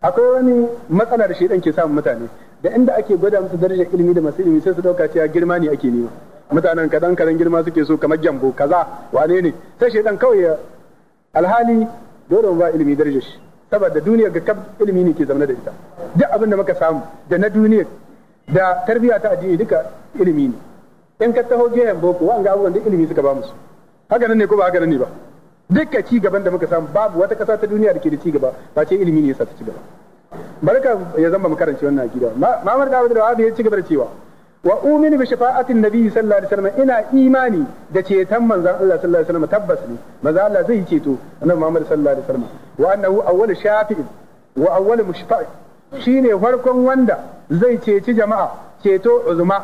akwai wani matsala da shedan ke samu mutane da inda ake gwada musu darajar ilimi da masu ilimi sai su dauka cewa girma ne ake nema mutanen kadan kadan girma suke so kamar gyambo kaza wane ne sai shedan kawai alhali dole mu ba ilimi darajar shi saboda duniyar ga kaf ilimi ne ke zaune da ita duk abin da muka samu da na duniyar da tarbiyya ta addini duka ilimi ne in ka taho gehen boko ga abubuwan da ilimi suka ba musu haka nan ne ko ba haka nan ne ba dukkan ci gaban da muka samu babu wata ƙasa ta duniya da ke da ci gaba ba ce ilimi ne yasa ta ci gaba barka ya zama makaranci wannan gida akida ma'amar da abu da ya ci gaba da cewa wa uminu bi shafa'atin nabi sallallahu alaihi wasallam ina imani da ceton manzon Allah sallallahu alaihi wasallam tabbas ne manzon Allah zai ceto annabi Muhammad sallallahu alaihi wasallam wa annahu awwal shafi'in wa awwal mushfa'i shine farkon wanda zai ceci jama'a ceto uzuma.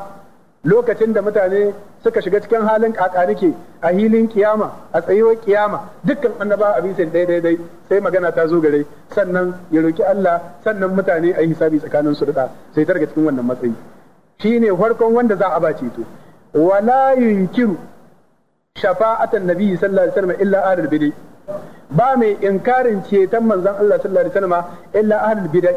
lokacin da mutane suka shiga cikin halin kakarike a hilin kiyama a tsayuwar kiyama dukkan annaba a bisin dai dai dai sai magana ta zo gare sannan ya roki Allah sannan mutane a yi hisabi tsakanin su da sai targa cikin wannan matsayi shine farkon wanda za a ba ceto wala yunkiru shafa'atan nabi sallallahu alaihi wasallam illa ahlul bid'i ba mai inkarin ceton manzon Allah sallallahu alaihi wasallam illa ahlul bid'i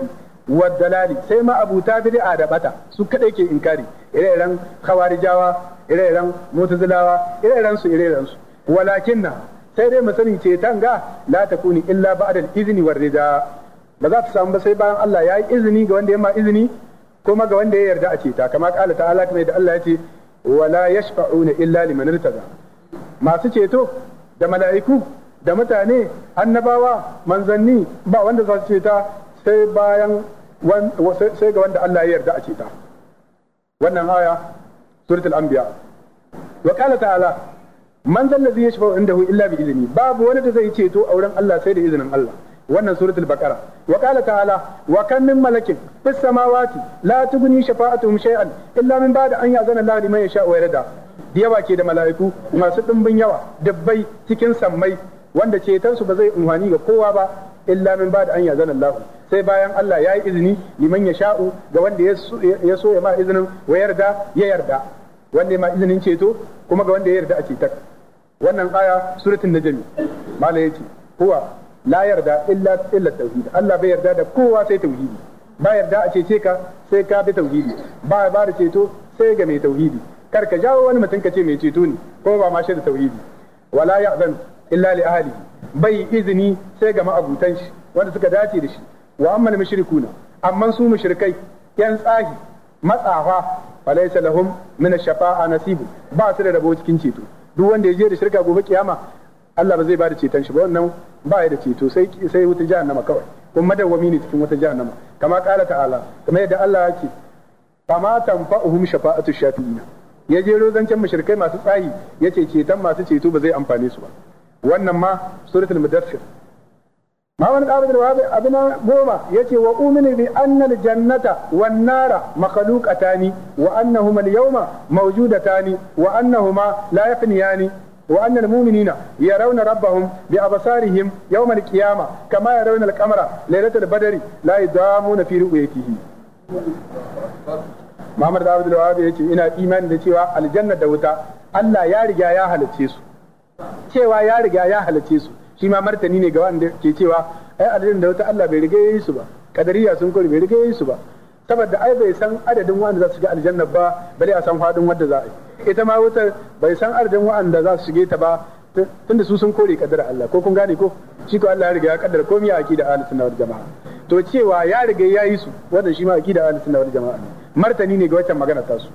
wad dalali sai ma abuta bid'a da bata su kadai ke inkari ire-iren khawarijawa ire-iren mutazilawa ire-iren su ire-iren su sai dai mu sani ceton ga la takuni illa ba'da izini izni war rida ba za ta samu ba sai bayan Allah ya yi izini ga wanda ya ma izini kuma ga wanda ya yarda a ceta kama kala ta'ala kamar da Allah ya ce wala yashfa'una illa liman irtada masu ceto da mala'iku da mutane annabawa manzanni ba wanda za su ceta sai bayan sai ga wanda Allah ya yarda a ceta wannan aya suratul anbiya wa qala ta'ala man zal ladhi yashfa'u indahu illa bi izni babu wanda zai ceto a wurin Allah sai da izinin Allah wannan suratul baqara wa qala ta'ala wa kam min malakin fis samawati la tughni shafa'atuhum shay'an illa min ba'di an ya'zana Allah liman yasha wa yarda yawa ke da mala'iku masu dimbin yawa dabbai cikin sammai wanda ceton su ba zai umhani ga kowa ba illa min ba'di an ya'zana Allah sai bayan Allah ya yi izini liman yasha'u ga wanda ya so ya ma izinin wa yarda ya yarda wanda ma izinin ceto kuma ga wanda ya yarda a cetar wannan aya suratul najm malai yace huwa la yarda illa illa tauhid Allah bai yarda da kowa sai tauhidi ba yarda a cece ka sai ka bi tauhidi ba ba da ceto sai ga mai tauhidi kar ka jawo wani mutum ka ce mai ceto ne ko ba ma shi da tauhidi wala ya'zan illa li ahlihi bai izini sai ga ma'abutan shi wanda suka dace da shi wa amma mushrikuna amma su mushrikai yan tsahi matsafa falaysa lahum min ash-shafa'a nasibu ba su da rabo cikin ceto duk wanda ya je da shirka gobe kiyama Allah ba zai bada ceton shi ba wannan ba ya da ceto sai sai wuta jahannama kawai kuma madawwami ne cikin wata jahannama kama kala ta'ala kama yadda Allah yake fama tanfa'uhum shafa'atu shafi'ina ya je zancen mushrikai masu tsayi yace ceton masu ceto ba zai amfane su ba wannan ma suratul mudaththir ma wani ƙarin da wabi abin goma yace wa umini bi annal jannata wan nara makhluqatani wa annahuma al-yawma mawjudatani wa annahuma la yafniyani wa annal mu'minina yarawna rabbahum bi absarihim yawm al-qiyamah kama yarawna al-qamara laylatal badri la yadamuna fi ru'yatihi Muhammad da Abdul Wahab yace ina imani da cewa aljanna da wuta Allah ya riga ya halice cewa ya riga ya halice su shi ma martani ne ga waɗanda ke cewa ai aljanna da wuta Allah bai riga yayi su ba kadariya sun kore bai riga yayi su ba saboda ai bai san adadin wanda za su ga aljanna ba bale a san fadin wanda za a ita ma wutar bai san adadin wanda za su shige ta ba tunda su sun kore kaddara Allah ko kun gane ko shi ko Allah ya riga ya kaddara komai a akida ahli sunna wal jamaa to cewa ya riga ya yi su wannan shi ma akida ahli sunna wal jamaa martani ne ga wannan magana ta su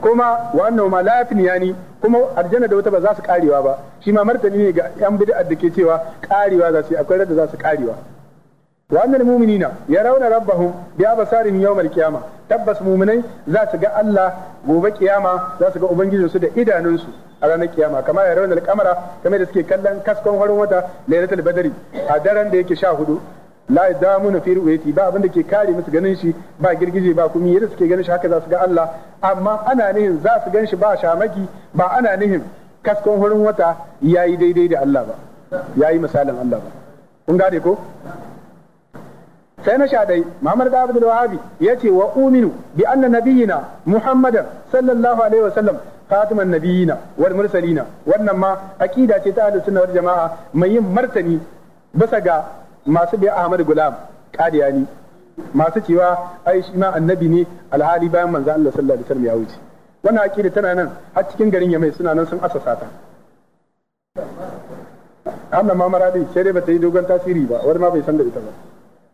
kuma wannan ma lafin yani kuma aljanna da wuta ba za su karewa ba shi ma martani ne ga yan bid'a da ke cewa karewa za su akwai radda za su karewa wa annal mu'minina yarawna rabbahum bi absarihim yawmal qiyamah tabbas mu'minai za su ga Allah gobe kiyama za su ga ubangijinsu da idanunsu a ranar kiyama kamar ya raunar kamara kamar da suke kallon kaskon farin wata lailatul badari a daren da yake sha hudu la damu fi ru'yati ba abin da ke kare musu ganin shi ba girgije ba kuma yadda suke ganin shi haka za su ga Allah amma ana nihin za su gan shi ba shamaki ba ana nihin kaskon farin wata yayi daidai da Allah ba yayi misalin Allah ba kun gane ko sai na sha dai Muhammad da Abdul Wahabi yace wa uminu bi anna nabiyyina Muhammadan sallallahu alaihi wasallam khatiman nabiyina wal mursalina wannan ma aƙida ce ta ahlus wal jamaa mai yin martani bisa ga masu bi Ahmad Gulam Qadiyani masu cewa ai shi ma annabi ne alhali bayan manzo Allah sallallahu alaihi wasallam ya wuce wannan akida tana nan har cikin garin Yamai suna nan sun asasa ta amma ma maradi sai dai bata yi dogon tasiri ba wani ma bai san da ita ba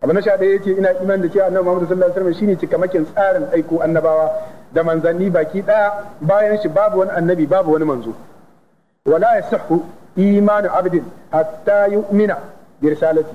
abu na sha ɗaya yake ina iman da cewa annabi Muhammad sallallahu alaihi wasallam shine cikamakin tsarin aiko annabawa da manzanni baki ɗaya bayan shi babu wani annabi babu wani manzo wala yasihhu imanu abdin hatta yu'mina bi risalati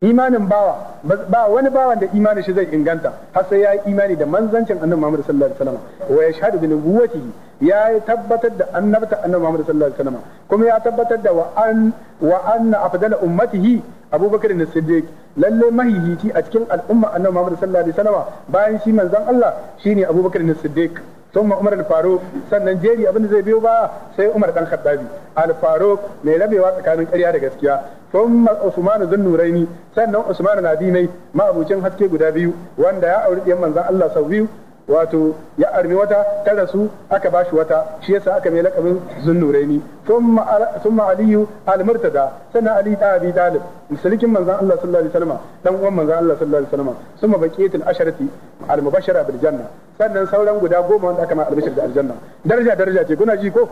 imanin bawa ba wani bawan da imanin shi zai inganta har sai ya yi imani da manzancin annabi Muhammad sallallahu alaihi wasallam wa yashhadu bi nubuwwatihi ya yi tabbatar da annabta annabi Muhammad sallallahu alaihi wasallam kuma ya tabbatar da wa an wa anna afdala ummatihi Abubakar da Siddiq lalle mahihici a cikin al'umma annabi Muhammad sallallahu alaihi wasallam bayan shi manzan Allah shine Abubakar da Siddiq ثم عمر الفاروق sannan jeri abin da zai biyo ba sai Umar dan Khattabi al Faruq mai rabewa tsakanin karya da gaskiya ثم Usman zun Nuraini sannan Usman na dinai ma abucin haske guda biyu wanda ya auri ɗiyan manzan Allah sau biyu wato ya armi wata ta rasu aka bashi wata shi yasa aka mai lakabin zunnuraini thumma aliyu al-murtada sannan ali ta abi talib musulkin manzon Allah sallallahu alaihi wasallam dan uwan manzon Allah sallallahu alaihi wasallam thumma baqiyatul asharati al-mubashshara bil janna sannan sauran guda goma wanda aka ma albishir da aljanna daraja daraja ce kuna ji ko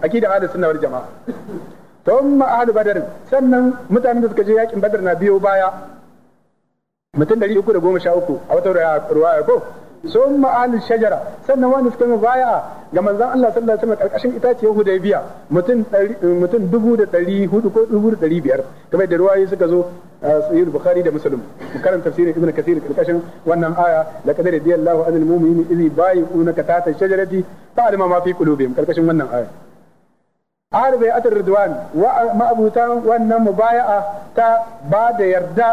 akida ahlus sunna wal jamaa thumma ahlu badr sannan mutanen da suka je yakin badar na biyo baya mutum 313 a wata ruwaya ko sun ma'alin shajara sannan wanda suka yi baya ga manzan Allah sallallahu a wasallam karkashin itace Hudaybiya mutum eh, mutum dubu da ɗari hudu ko dubu da ɗari biyar kamar da ruwayoyi suka zo eh, sahih Bukhari da Muslim karan tafsirin Ibn Kathir karkashin wannan aya la qad radiyallahu anil mu'minin idh bay'unaka tahta shajarati fa'alima ma fi qulubihim wannan aya ahlu bai atar ridwan wa ma'abutan wannan mubaya'a ta ba da yarda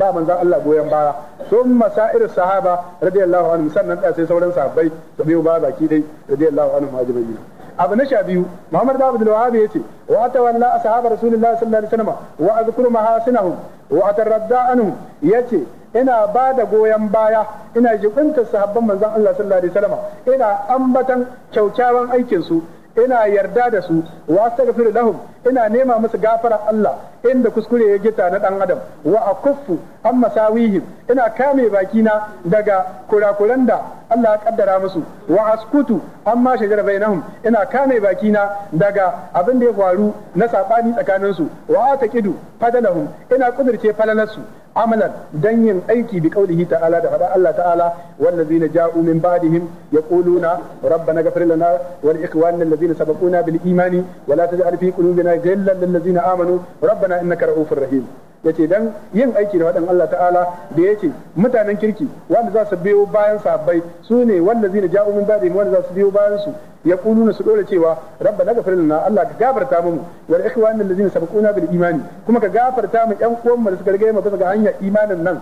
ba manzon Allah goyon baya sun masair sahaba radiyallahu anhu sannan da sai sauran sahabbai da bai ba baki dai radiyallahu anhu ajma'in abu na sha biyu Muhammad da Abdul Wahhab yace wa tawalla ashab Rasulullahi sallallahu alaihi wasallam wa azkuru mahasinahum wa atarradda anhum yace ina ba da goyon baya ina jibinta sahabban manzon Allah sallallahu alaihi wasallam ina ambatan kyaukyawan aikin su ina yarda da su wa astaghfiru lahum ina nema musu gafara Allah inda kuskure ya gita na dan adam wa akuffu an masawihim ina kame bakina daga kurakuran da Allah ya kaddara musu wa askutu amma shajara bainahum ina kame bakina daga abin da ya faru na sabani tsakanin su wa taqidu fadalahum ina kudirce falalarsu amalan dan yin aiki bi qaulihi ta'ala da fada Allah ta'ala wallazina ja'u min ba'dihim yaquluna rabbana ghfir lana wa li ikhwanina allazina sabaquna bil imani wa la taj'al fi qulubina ghillan lil ladzina amanu rabbana rabbana innaka ra'ufur rahim yace dan yin aiki da wadan Allah ta'ala da yace mutanen kirki wanda za su biyo bayan sabbai su ne wanda zina ja'u min ba'dihim wanda za su biyo bayan su yaquluna su dole cewa rabbana ghfir lana Allah ka gafarta mu wa ikhwana allazina sabaquna bil imani kuma ka gafarta mu yan uwan mu da suka rigaye mu bisa ga hanyar imanin nan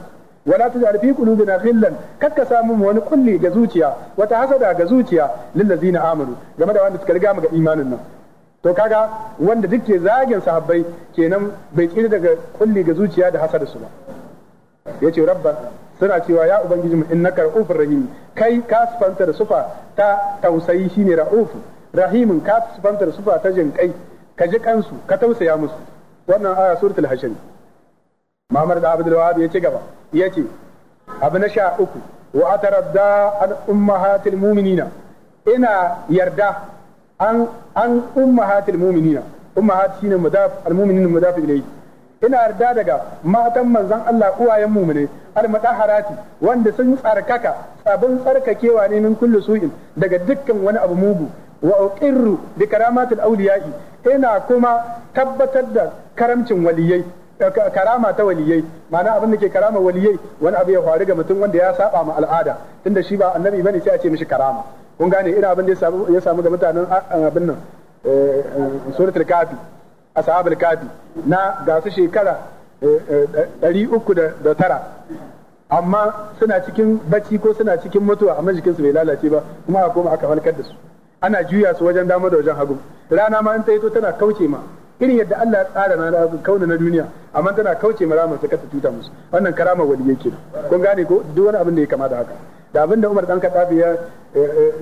ولا na fillan قلوبنا ka samu سامم wani kulli ga zuciya wata hasada ga zuciya lil na amanu game da wanda suka riga mu ga imanin nan to kaga wanda duk ke zagin sahabbai kenan bai tsira daga kulli ga zuciya da hasar su ba yace rabba suna cewa ya ubangiji mu innaka ra'ufur rahim kai ka sifanta da sufa ta tausayi shine ra'uf rahimin ka sifanta da sufa ta jin kai ka ji kansu ka tausaya musu wannan aya suratul hashim Mamar da Abdul Wahab ce gaba yace abu na sha uku wa atarabda al ummahatil mu'minina ina yarda an an ummahatil mu'minina ummahat shine mudaf al mu'minin mudaf ilayhi ina yarda daga matan manzon Allah uwayen mu'mine al mutahharati wanda sun tsarkaka sabon tsarkakewa ne min kullu su'in daga dukkan wani abu mugu wa uqirru bi karamatil awliya'i ina kuma tabbatar da karamcin waliyai eh, karama ta waliyai ma'ana abin da ke karama waliyai wani abu ya faru ga mutum wanda ya saba ma al'ada tunda shi ba annabi bane sai a ce mishi karama kun gane irin abin da ya samu ga mutanen abin nan eh, suratul kafi ashabul kafi na ga su shekara eh, eh, ɗari uku da tara amma suna cikin bacci ko suna cikin mutuwa amma jikinsu bai lalace ba kuma a koma aka halkar da su ana juya su wajen dama da wajen hagu rana ma in ta hito tana kauce ma irin yadda Allah ya tsara na kauna na duniya amma tana kauce ma ramar ta kasa tuta musu wannan karamar wali yake kun gane ko duk wani abin da ya kama da haka da abin da Umar dan Khattab ya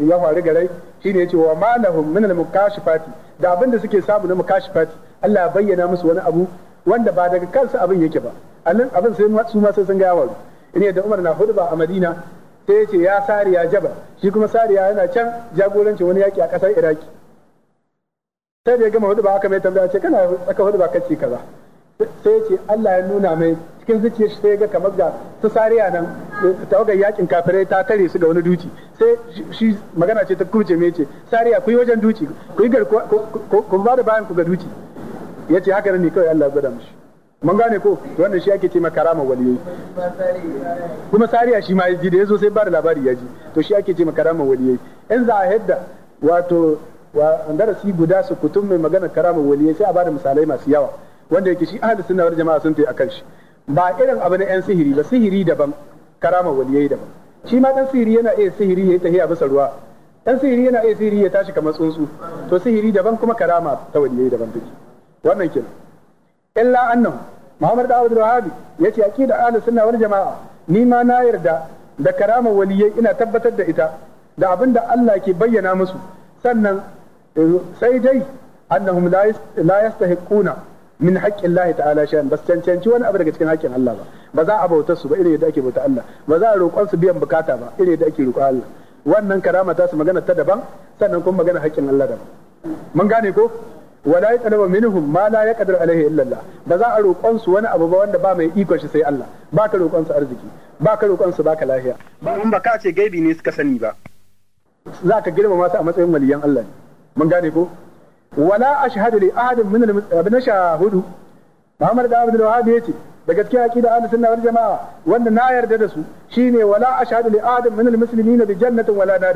ya faru garai shine yace wa ma lahum min al-mukashifati da abin da suke samu na mukashifati Allah ya bayyana musu wani abu wanda ba daga kansu abin yake ba annan abin sai su ma sai sun ga yawaru ne da Umar na hudba a Madina sai yace ya sariya jaba shi kuma sariya yana can jagoranci wani yaki a kasar Iraki sai da ya gama hudba aka mai tambaya ce kana tsaka hudba kace kaza sai yace Allah ya nuna mai cikin zuciyar shi sai ga kamar ga sare sariya nan tawagar yakin kafirai ta tare su ga wani duci sai shi magana ce ta kurce mai ce sariya ku yi wajen duci ku yi kun ba da bayan ku ga duci ya ce haka ne kawai Allah gwada mushi mun gane ko wannan shi ake ce ma karama waliyoyi kuma sariya shi ma ya ji da yazo sai ba da labari ya ji to shi ake ce ma karama waliyoyi in za a yadda wato wa darasi guda su kutum mai magana karama waliyai sai a da misalai masu yawa wanda yake shi ahlus sunna wal jama'a sun tayi akan shi ba irin abu na yan sihiri ba sihiri daban karama waliyai daban shi ma dan sihiri yana iya sihiri ya tafiya bisa ruwa dan sihiri yana iya sihiri ya tashi kamar tsuntsu to sihiri daban kuma karama ta waliyai daban take wannan kenan illa annam Muhammad Dawud Rahabi yace aqida ahlus sunna wal jamaa ni ma na yarda da karama waliyai ina tabbatar da ita da abin da Allah ke bayyana musu sannan eh, sai dai annahum la yastahiquna min haƙƙin Allah ta'ala shan ba cancanci wani abu daga cikin haƙƙin Allah ba ba za a bauta su ba irin yadda ake bauta Allah ba za a roƙon su biyan bukata ba irin yadda ake roƙon Allah wannan karama ta su magana ta daban sannan kuma magana haƙƙin Allah daban mun gane ko wala yaqdiru minhum ma la yaqdiru alaihi illa Allah ba za a roƙon su wani abu ba wanda ba mai iko shi sai Allah ba ka roƙon su arziki ba ka roƙon su ba ka lafiya ba in ba ka ce gaibi ne suka sani ba za ka girmama su a matsayin waliyan Allah ne mun gane ko wala ashhadu li ahadin min al shahudu Muhammad da Abdul Wahab yace da gaskiya aqida ahlus sunna wal jamaa wanda na yarda da su shine wala ashhadu li ahadin min al muslimina bi jannatin wala nar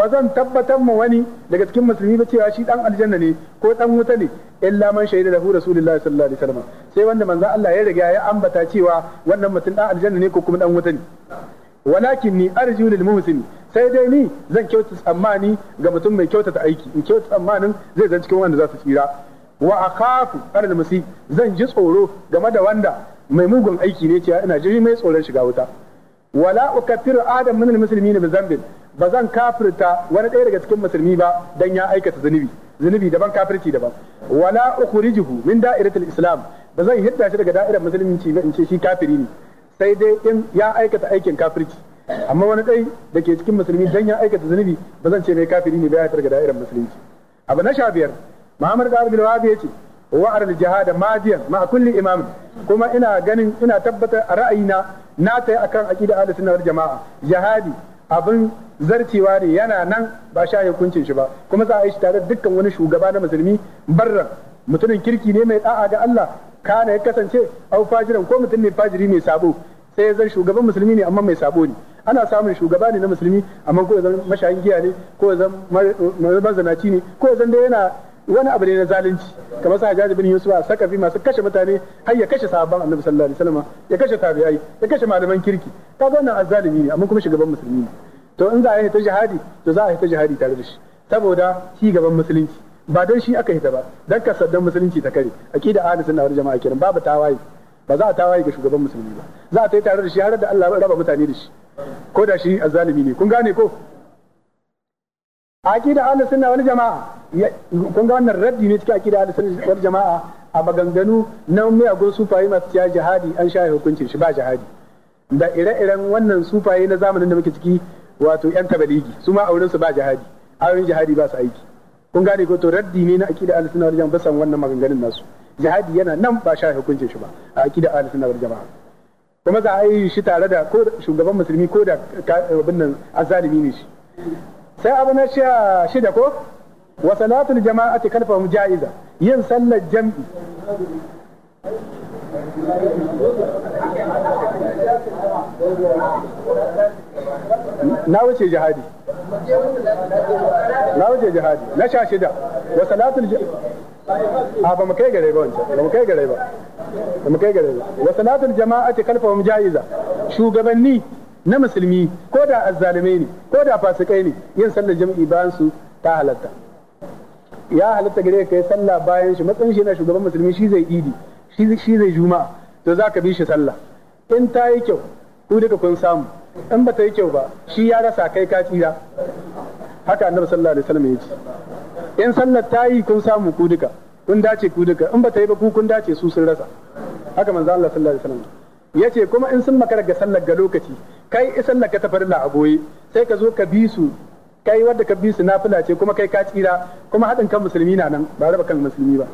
bazan tabbatar ma wani daga cikin musulmi ba cewa shi dan aljanna ne ko dan wuta ne illa man shaida lahu rasulullahi sallallahu alaihi wasallam sai wanda manzo Allah ya riga ya ambata cewa wannan mutum dan aljanna ne ko kuma dan wuta ne walakin ni arju lil sai dai ni zan kyauta tsammani ga mutum mai kyautata aiki in kyauta tsammanin zai zan cikin wanda za su tsira wa akhafu musi zan ji tsoro game da wanda mai mugun aiki ne cewa ina jiri mai tsoron shiga wuta wala ukaffiru adam min al muslimin bi zambin ba zan kafirta wani ɗaya daga cikin musulmi ba dan ya aikata zunubi zunubi daban kafirci daban wala ukhrijuhu min da'iratul islam ba zan hidda shi daga da'irar musulunci ba in ce shi kafiri ne sai dai in ya aikata aikin kafirci amma wani dai da ke cikin musulmi dan ya aikata zunubi ba zan ce mai kafiri ne ba ya targa da'irar musulunci abu na sha biyar Muhammad Qabil bin ya ce wa aral jihad madiyan ma kulli imam kuma ina ganin ina tabbatar a ra'ayina na yi akan aqida aƙida sunna wal jamaa jihadi abin zarcewa ne yana nan ba sha hukuncin shi ba kuma za a yi shi tare da dukkan wani shugaba na musulmi barra mutumin kirki ne mai da'a ga Allah kana ya kasance au fajiran ko mutum ne fajiri mai sabo sai ya zan shugaban musulmi ne amma mai sabo ne ana samun shugaba ne na musulmi amma ko zan mashayin giya ne ko zan mazanaci ne ko zan dai yana wani abu ne na zalunci kamar sa Hajjaj bin Yusuf a sakafi masu kashe mutane har ya kashe sahabban Annabi sallallahu alaihi wasallam ya kashe tabi'ai ya kashe malaman kirki kaga wannan azzalimi ne amma kuma shugaban musulmi ne to in za a yi ta jihadi to za a yi ta jihadi tare da shi saboda ci gaban musulunci ba don shi aka hita ba don ka saddan musulunci ta kare aqida ahlus sunna wal jama'a kiran babu tawaye ba za a tawaye ga shugaban musulmi ba za a yi tare da shi har da Allah raba mutane da shi ko da shi azzalimi ne kun gane ko aqida ahlus sunna wal jama'a kun ga wannan raddi ne cikin aqida ahlus sunna wal jama'a a maganganu na agon sufaye masu ciya jihadi an shaye hukuncin shi ba jihadi da ire-iren wannan sufaye na zamanin da muke ciki wato yan tabaligi su ma auren su ba jihadi auren jihadi ba su aiki kun gane ko to raddi ne na aqida ahlus sunna wal jama'a basan wannan maganganun nasu jihadi yana nan ba sha hukuncin shi ba a aqida ahlus sunna wal jama'a kuma za a yi shi tare da ko shugaban musulmi ko da abin nan azalimi ne shi sai abu na shida ko wa salatul jama'ati kalfa ja'iza yin sallar jam'i na wuce jihadi na wuce jihadi na sha shida wa salatul a ba mu kai gare ba wancan ba mu kai gare ba ba mu kai gare ba wa salatul jama'ati kalfahum ja'iza shugabanni na musulmi ko da azzalume ne ko da fasikai ne yin sallar jami'i bayan su ta halatta ya halatta gare ka yi sallah bayan shi matsayin shi na shugaban musulmi shi zai idi shi zai juma'a to za ka bi shi sallah in ta yi kyau ku duka kun samu in ba ta yi kyau ba shi ya rasa kai ka tsira haka annabi sallallahu alaihi wasallam ya ce in sallar ta yi kun samu ku duka kun dace ku duka in ba ta yi ba ku kun dace su sun rasa haka manzo Allah sallallahu alaihi wasallam ya ce kuma in sun makara ga sallar ga lokaci kai sallar ka tafarilla a goye sai ka zo ka bi su kai wadda ka bi su nafila ce kuma kai ka tsira kuma haɗin kan musulmi na nan ba raba kan musulmi ba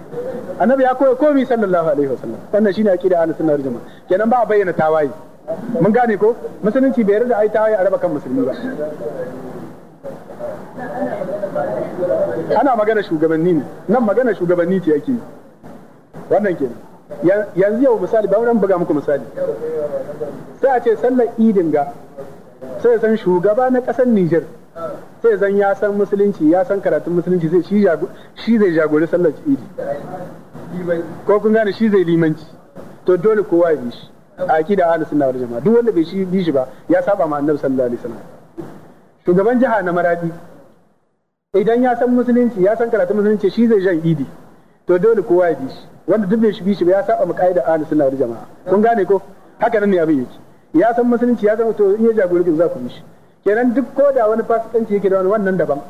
annabi ya koya komi sallallahu alaihi wasallam wannan shine aqida ahlus sunnah wal jamaa kenan ba a bayyana tawayi mun gane ko musulunci bai yarda ai ta a raba kan musulmi ba ana magana shugabanni ne nan magana shugabanni ce yake wannan ke yanzu yau misali ba wurin buga muku misali sai a ce sallar idin ga sai san shugaba na ƙasar Nijar sai zan ya san musulunci ya san karatun musulunci sai shi zai jagori sallar idi ko kun gane shi zai limanci to dole kowa ya bi shi aqida ahlus sunna wal jamaa duk wanda bai bi shi ba ya saba ma annabi sallallahu alaihi wasallam shugaban jiha na maradi idan ya san musulunci ya san karatu musulunci shi zai jan idi to dole kowa ya bi shi wanda duk bai bi shi ba ya saba ma qaida ahlus sunna wal jamaa kun gane ko haka nan ne abin yake ya san musulunci ya san to in ya jagoranci za ku bi shi kenan duk ko da wani fasikanci yake da wani wannan daban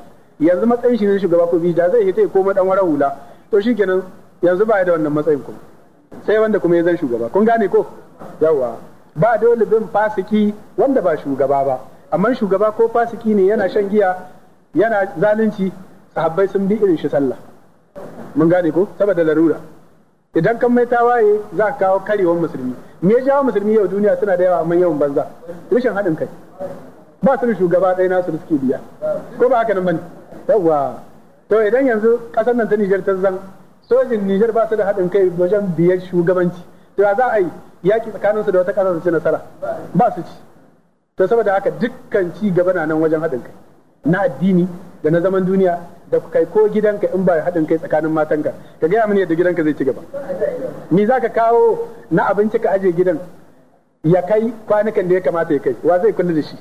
yanzu matsayin shi ne shugaba ko bi da zai hita ya koma dan wara hula to shikenan yanzu ba ya da wannan matsayin kuma sai wanda kuma ya zan shugaba kun gane ko yawa ba dole bin fasiki wanda ba shugaba ba amma shugaba ko fasiki ne yana shan giya yana zalunci sahabbai sun bi irin shi sallah mun gane ko saboda larura idan kan mai tawaye za ka kawo karewar musulmi me ya jawo musulmi yau duniya suna da yawa amma yawan banza rashin haɗin kai ba su da shugaba ɗaya nasu suke biya ko ba haka nan bane yawa to idan yanzu ƙasar nan ta Nijar ta zan sojin Nijar ba su da haɗin kai wajen biyar shugabanci to za a yi yaki tsakanin su da wata ƙasar su ci nasara ba su ci to saboda haka dukkan ci gaba na nan wajen haɗin kai na addini da na zaman duniya da kai ko gidanka in ba haɗin kai tsakanin matanka ka gaya mini yadda gidanka zai ci gaba ni za ka kawo na abinci ka aje gidan ya kai kwanukan da ya kamata ya kai wa zai kula da shi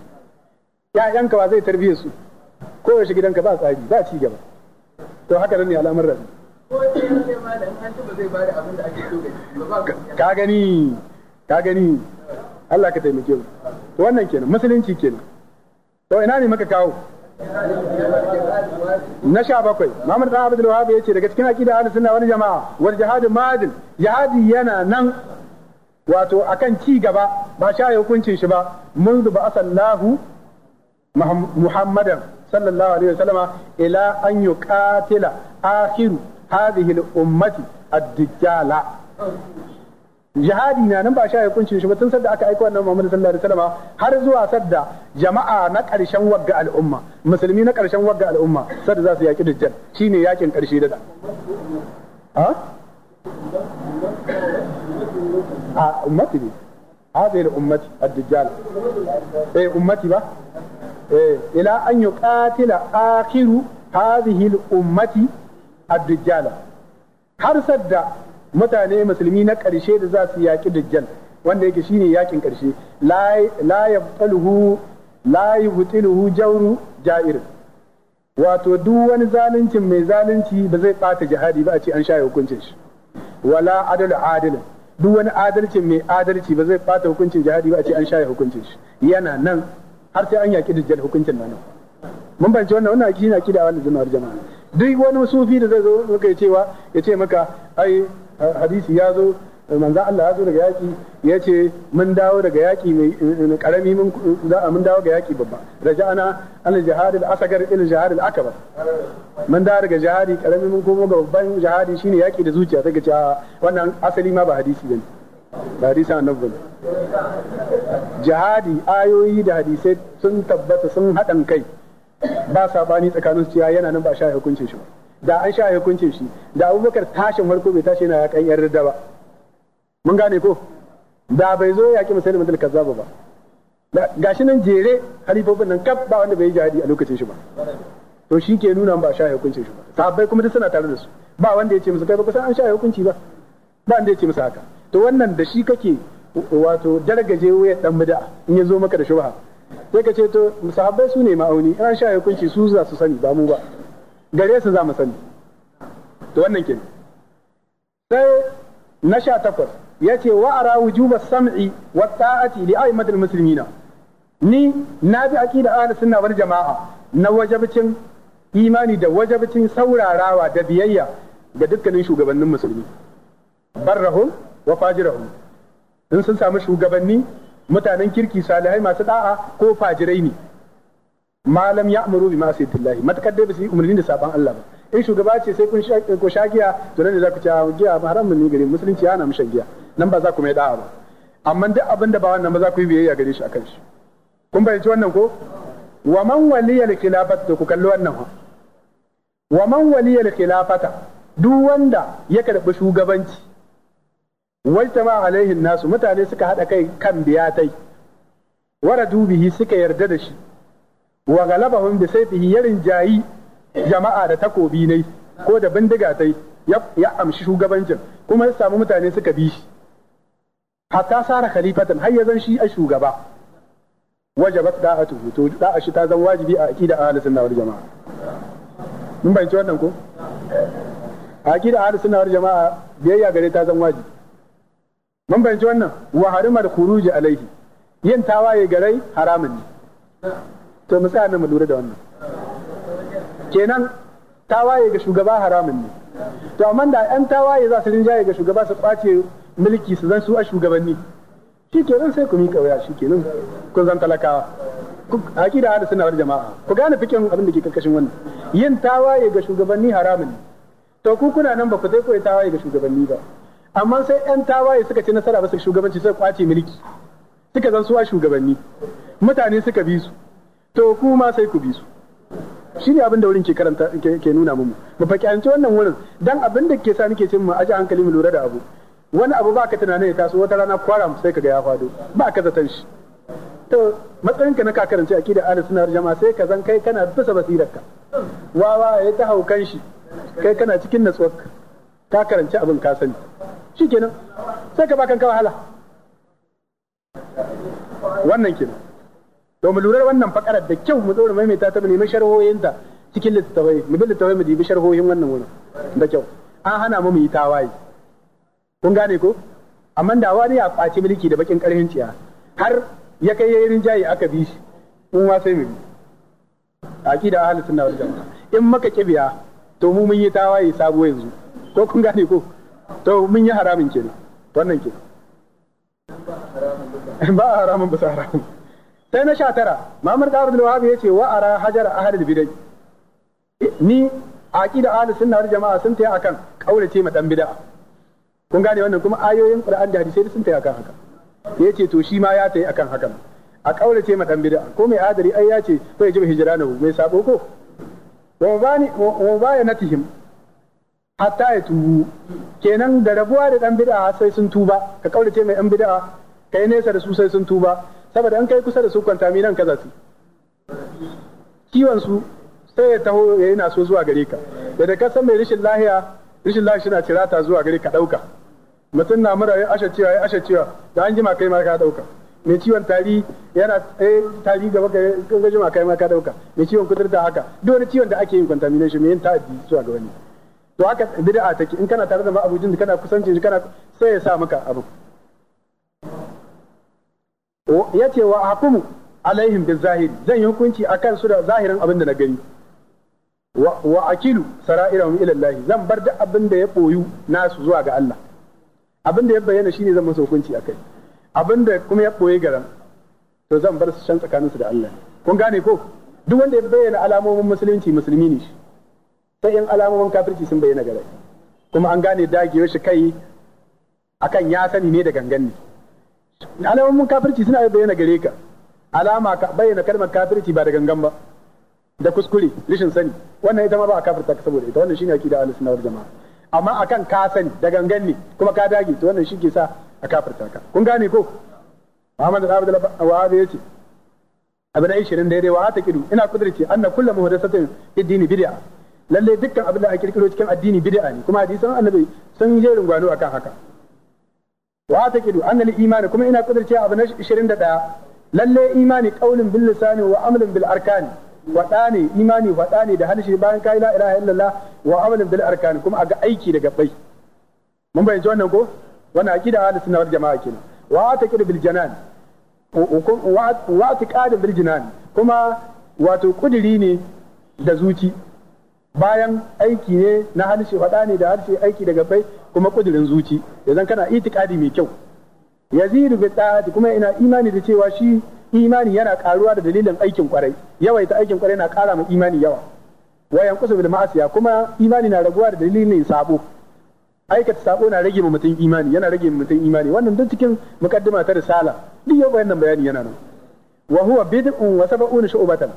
‘ya'yanka wa zai tarbiyyar su Ko yaushe gidanka ba tsari ba ci gaba to haka nan ne al'amuran ka gani ka gani Allah ka taimake mu to wannan kenan musulunci kenan to ina ne maka kawo na sha bakwai Muhammad dan Abdul Wahhab yace daga cikin aqida ahlus sunna wani jamaa wal jihad madin jihadi yana nan wato akan ci gaba ba sha ya hukuncin shi ba منذ بعث asallahu Muhammadan sallallahu alaihi wasallama ila an yuqatila akhiru hadhihi al-ummati ad jihadi na nan ba sha ya kunce shi ba tun sadda aka aika wannan Muhammad sallallahu alaihi wasallam har zuwa sadda jama'a na karshen wagga al'umma musulmi na karshen wagga al'umma sadda za su yaki dajjal shine yakin karshe da ha a ummati ne hadhihi al-ummati ad-dajjal eh ummati ba eh ila an yuqatila akhiru hadhihi al-ummati ad-dajjala har sadda mutane musulmi na ƙarshe da za su yaƙi dajjal wanda yake shine yakin ƙarshe la yabtaluhu la yubtiluhu jawru ja'ir wato duk wani zaluncin mai zalunci ba zai ɓata jihadi ba a ce an shaye hukuncin shi wala adalu adalin duk wani adalcin mai adalci ba zai ɓata hukuncin jihadi ba a ce an shaye hukuncin shi yana nan har sai an yaƙi dajjal hukuncin nan mun bance wannan wannan shine akida wannan zinar jama'a duk wani sufi da zai zo maka cewa ya ce maka ai hadisi ya zo manzo Allah ya zo daga yaki ya ce mun dawo daga yaki mai karami mun za a mun dawo ga yaki babba raja'ana al jihad al asgar il jihad al akbar mun dawo daga jihadi karami mun komo ga babban jihadi shine yaki da zuciya sai ka ce wannan asali ma ba hadisi bane ba hadisi annabi bane jihadi ayoyi da hadisai sun tabbata sun hadan kai ba sabani tsakanin su cewa yana nan ba sha hukuncin shi da an sha hukuncin shi da abubakar tashin farko bai tashi yana yakan yar da ba mun gane ko da bai zo yaƙi musulmi da kazzaba ba gashi nan jere halifofin nan kaf ba wanda bai yi jihadi a lokacin shi ba to shi ke nuna ba sha hukuncin shi ba sabai kuma duk suna tare da su ba wanda ya ce musu kai ba kusan an sha hukunci ba ba wanda ya ce musu haka to wannan da shi kake wato dargaje wuya dan bid'a in ya zo maka da shubha sai ka ce to musahabbai su ne ma'auni in sha hukunci su za su sani ba mu ba gare su za mu sani to wannan kenan sai na sha takwas ya ce wa ara wujuba sam'i wa ta'ati li a'immatil muslimina ni na bi aqida ahli sunna wal jama'a na wajabcin imani da wajabcin saurarawa da biyayya ga dukkanin shugabannin musulmi barrahum wa fajirahum in sun samu shugabanni mutanen kirki salihai masu da'a ko fajirai ne malam ya amuru bi ma'asiyatillahi matakar dai ba su yi umarni da saban Allah ba in shugaba ce sai kun ko shagiya to nan ne za ku ci ah, giya haramun ne gare musulunci yana mu giya nan ba za ku mai da'a ba amma duk abin da ba wannan ba za ku yi biyayya gare shi akan shi kun ci wannan ko wa man waliyal khilafat to ku kalli wannan ha wa man waliyal khilafata duk wanda ya karbi shugabanci waltama alaihin nasu mutane suka haɗa kai kan biyatai waradu bihi suka yarda da shi wa galabahum bi sayfihi yarin jayi jama'a da takobi ne ko da bindiga tai ya amshi shugabancin kuma ya samu mutane suka bi shi hatta sara khalifatan har ya zan shi a shugaba wajabat da'atuhu to da'a shi ta zan wajibi a aqida ahlus sunna wal jama'a mun bayyana wannan ko aqida ahlus sunna wal jama'a biyayya gare ta zan wajibi mun fahimci wannan wa harimar khuruji alaihi yin tawaye garai haramun ne to mu tsaya mu lura da wannan kenan tawaye ga shugaba haramun ne to amma da yan tawaye za su rinjaye ga shugaba su kwace mulki su zan su a shugabanni shi kenan sai ku miƙa waya shi kenan kun zan talakawa da hada suna jama'a ku gane fikin abin da ke karkashin wannan yin tawaye ga shugabanni haramun ne to ku kuna nan ba ku sai ku yi tawaye ga shugabanni ba amma sai yan tawaye suka ci nasara su shugabanci sai kwace mulki suka zan suwa shugabanni mutane suka bi su to ku ma sai ku bi su shi ne abin da wurin ke karanta ke nuna mu mu fakiyanci wannan wurin dan abin da ke sa nake cin mu aje hankali mu lura da abu wani abu baka tunanin ya taso wata rana kwara sai ka ga ya fado ba ka zaton shi to matsayin ka na ka karanci aqida ahlus sunna jama'a sai ka zan kai kana bisa basirarka ka wawa ya ta haukan shi kai kana cikin natsuwarka ka karanci abin ka sani shi kenan sai ka bakan ka wahala wannan kenan to mu lura wannan fakarar da kyau mu tsora maimaita ta mu nemi ta cikin littattafai mu bi littattafai mu dibi sharhohin wannan wurin da kyau an hana mu mu yi tawaye kun gane ko amma da wani ya kwaci mulki da bakin karfin ciya har ya kai yayin rinjaye aka bi shi mun ma sai mu bi aqida ahlus sunna wal jamaa in maka kibiya to mu mun yi tawaye sabo yanzu ko kun gane ko to mun yi haramin kenan wannan ke ba a haramun ba haramin haramun sai na sha tara mamar da abdul wahab yace wa ara hajar ahlul bidai ni aqida ahlus sunna wal jamaa sun taya akan ce ma dan bid'a kun gane wannan kuma ayoyin qur'an da hadisi sun taya akan haka yace to shi ma ya tayi akan hakan a kaurace ma dan bid'a ko mai adari ai yace to ya ji hijranahu mai sabo ko wa bani wa bayanatihim hatta ya tubu kenan da rabuwa da dan bid'a sai sun tuba ka kaurace mai dan bid'a kai nesa da su sai sun tuba saboda an kai kusa da su kwanta minan kaza su kiwon su sai ya taho ya yana so zuwa gare ka da da kasan mai rishin lahiya rishin lahiya shi na cirata zuwa gare ka dauka mutum na mura ya asha cewa ya asha cewa da an jima kai ma ka dauka mai ciwon tari yana eh tari gaba ga jima kai ma ka dauka mai ciwon kudurta haka duk wani ciwon da ake yin shi mai yin ta'addi zuwa ga wani to haka bid'a take in kana tare da ma'abucin kana kusanci kana sai ya sa maka abu yace wa hakumu alaihim zahiri zan yi hukunci akan su da zahirin abin da na gani wa akilu sara'irahum ila Allah zan bar da abin da ya boyu nasu zuwa ga Allah abin da ya bayyana shine zan masa hukunci akai abin da kuma ya boye garan to zan bar su can tsakaninsu da Allah kun gane ko duk wanda ya bayyana alamomin musulunci musulmi ne shi sai in alamomin kafirci sun bayyana gare kuma an gane dagewa shi kai akan ya sani ne da gangan ne alamomin kafirci suna bayyana gare ka alama ka bayyana kalmar kafirci ba da gangan ba da kuskure rishin sani wannan ita ma ba a kafirta ka saboda ita wannan shine akida ahlus sunna wal jamaa amma akan ka sani da gangan ne kuma ka dage to wannan shi ke sa a kafirta ka kun gane ko Muhammad Abdul Wahab yace abin 20 daidai wa ta kidu ina kudirce anna kullu muhdathatin fid dini bid'a Lallai dukkan abin da a kirkiro cikin addini bid'a ne kuma hadisan annabi sun jerin gwano akan haka wa taqidu anna al-iman kuma ina kudirce abu na 21 lalle imani qaulun bil lisani wa amalin bil arkan wada ne imani wada ne da halshi bayan kai la ilaha illallah wa amalin bil arkan kuma aga aiki da gabbai mun bayyana wannan ko wannan aqida ahlus sunna wal jamaa kenan wa taqidu bil janan wa taqidu bil janan kuma wato kudiri ne da zuci bayan aiki ne na harshe faɗa ne da harshe aiki daga bai kuma kudirin zuci zan kana itikadi mai kyau yazidu bi kuma ina imani da cewa shi imani yana karuwa da dalilin aikin kwarai yawaita aikin kwarai na kara ma imani yawa wayan kusa bil ma'asiya kuma imani na raguwa da dalilin sabo aikata sabo na rage ma mutum imani yana rage mutum imani wannan duk cikin mukaddima ta risala duk yau bayan bayani yana nan wa huwa bid'un wa sab'una shu'batan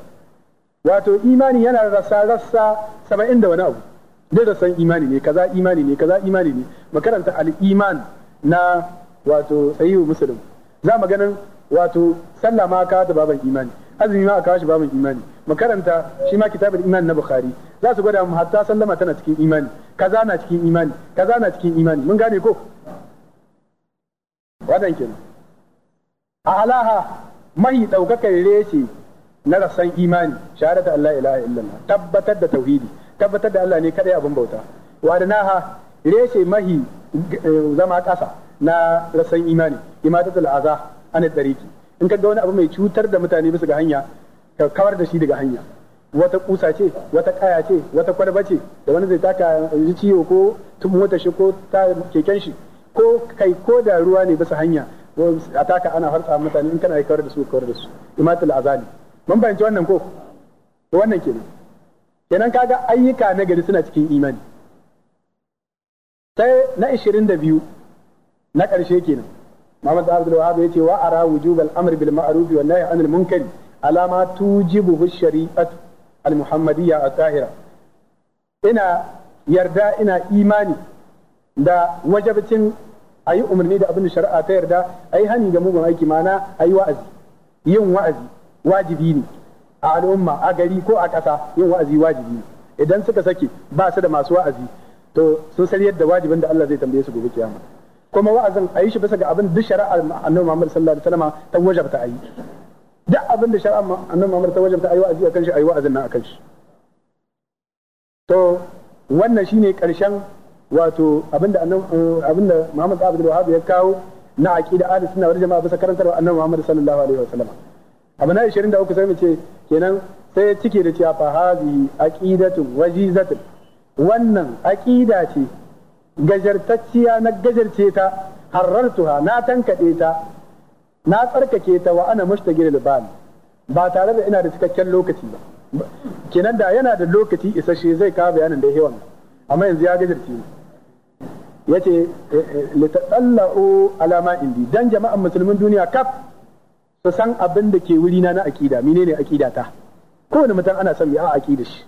wato imani yana rasa rassa saba'in da wani abu duk da san imani ne kaza imani ne kaza imani ne makaranta al-iman na wato sayyidu muslim za mu ganin wato sallah ma ka ta baban imani azumi ma ka shi baban imani makaranta shi ma kitabul iman na bukhari za su gwada mu hatta sallama tana cikin imani kaza na cikin imani kaza na cikin imani mun gane ko wannan kenan a alaha mahi daukakar reshe na rasan imani shahadata Allah ilaha illallah tabbatar da tauhidi tabbatar da Allah ne kadai abin bauta naha reshe mahi eh, zama kasa na rasan imani imatatul aza ana dariki in ka ga wani abu mai cutar da mutane bisa ga hanya ka kawar da shi daga hanya wata kusa ce wata kaya ce wata kwalba ce da wani zai taka ji ciwo ko mota shi ko ta keken shi ko kai ko da ruwa ne bisa hanya a taka ana harsa mutane in kana kawar da su kawar da su imatul azali mun fahimci wannan ko to wannan kenan kenan kaga ayyuka na gari suna cikin imani sai na 22 na ƙarshe kenan Muhammad Abdul Wahab yace wa ara wujubal amri bil ma'ruf wa nahy anil munkari alama tujibu shari'atu al muhammadiyya a Zahira. ina yarda ina imani da wajabcin ayi umarni da abin shari'a ta yarda ayi hani ga mugun aiki mana ayi wa'azi yin wa'azi wajibi ne a al'umma a gari ko a ƙasa yin wa'azi wajibi ne idan suka sake ba su da masu wa'azi to sun san yadda wajibin da Allah zai tambaye su gobe kiyama kuma wa'azin a yi shi bisa ga abin duk shari'ar annabi Muhammad sallallahu alaihi wasallam ta wajabta a yi duk abin da shari'ar annabi Muhammad ta wajabta a yi wa'azi akan shi a yi wa'azin nan akan shi to wannan shine karshen wato abin da eh, abin da Muhammad Abdul Wahhab ya kawo na aqida ahli sunna wal jama'a bisa karantar annabi Muhammad sallallahu alaihi wasallam abu na 23 sai mu ce kenan sai ya cike da cewa fa hazi aqidatun wajizatun wannan aqida ce gajartacciya na gajarce ta harartuha na tankade ta na tsarkake ta wa ana mushtagil bal ba tare da ina da cikakken lokaci ba kenan da yana da lokaci isasshe zai ka bayanin da hewan amma yanzu ya gajarce yace eh, eh, litatalla'u alama indi dan jama'an musulmin duniya kaf su san abin da ke wurina na aƙida ne aƙida ta kowane mutum ana son ya aƙida shi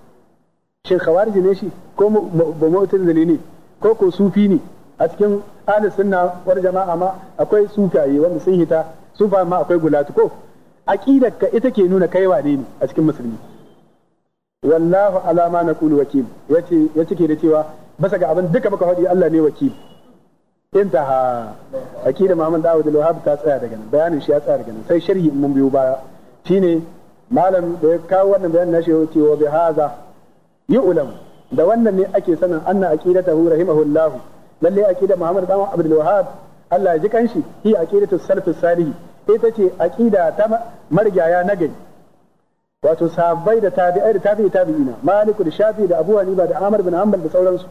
shin khawarij ne shi ko ba mu'tazili ne ko ko sufi ne a cikin ahli sunna war jama'a ma akwai sufaye wanda sun hita sufa ma akwai gulatu ko aqidar ka ita ke nuna kai wane ne a cikin musulmi wallahu alama na naqulu wakil yace yace ke da cewa basa ga abin duka muka faɗi Allah ne wakil intaha akida Muhammad Dawud al-Wahhab ta tsaya daga nan bayanin shi ya tsaya daga nan sai sharhi mun biyo baya shine malam da ya kawo wannan bayanin nashi ya ce wa bi hadha yu'lam da wannan ne ake sanin anna aqidatahu rahimahullah lalle aqida Muhammad Dawud Abdul Wahhab Allah ya ji kanshi hi aqidatu salaf salih ita ce aqida ta marjaya nagari wato sahabbai da tabi'ai da tabi'i tabi'ina maliku da shafi da abu hanifa da amr bin hanbal da sauransu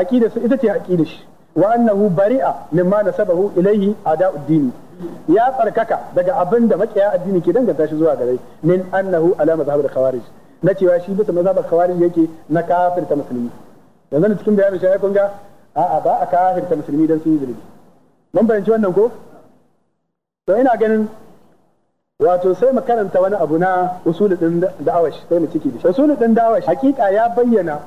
aqida su ita ce aqida shi wa annahu bari'a mimma nasabahu ilayhi ada'ud dini ya tsarkaka daga abin da makiya addini ke danganta shi zuwa gare min annahu ala mazhabil khawarij na cewa shi bisa mazhabar khawarij yake na kafirta musulmi yanzu cikin bayanin shi kun ga a'a ba a kafirta musulmi dan sun yi zulubi mun wannan ko to ina ganin wato sai mu karanta wani abu na usulul din da'awash sai mu ciki da shi da'awash hakika ya bayyana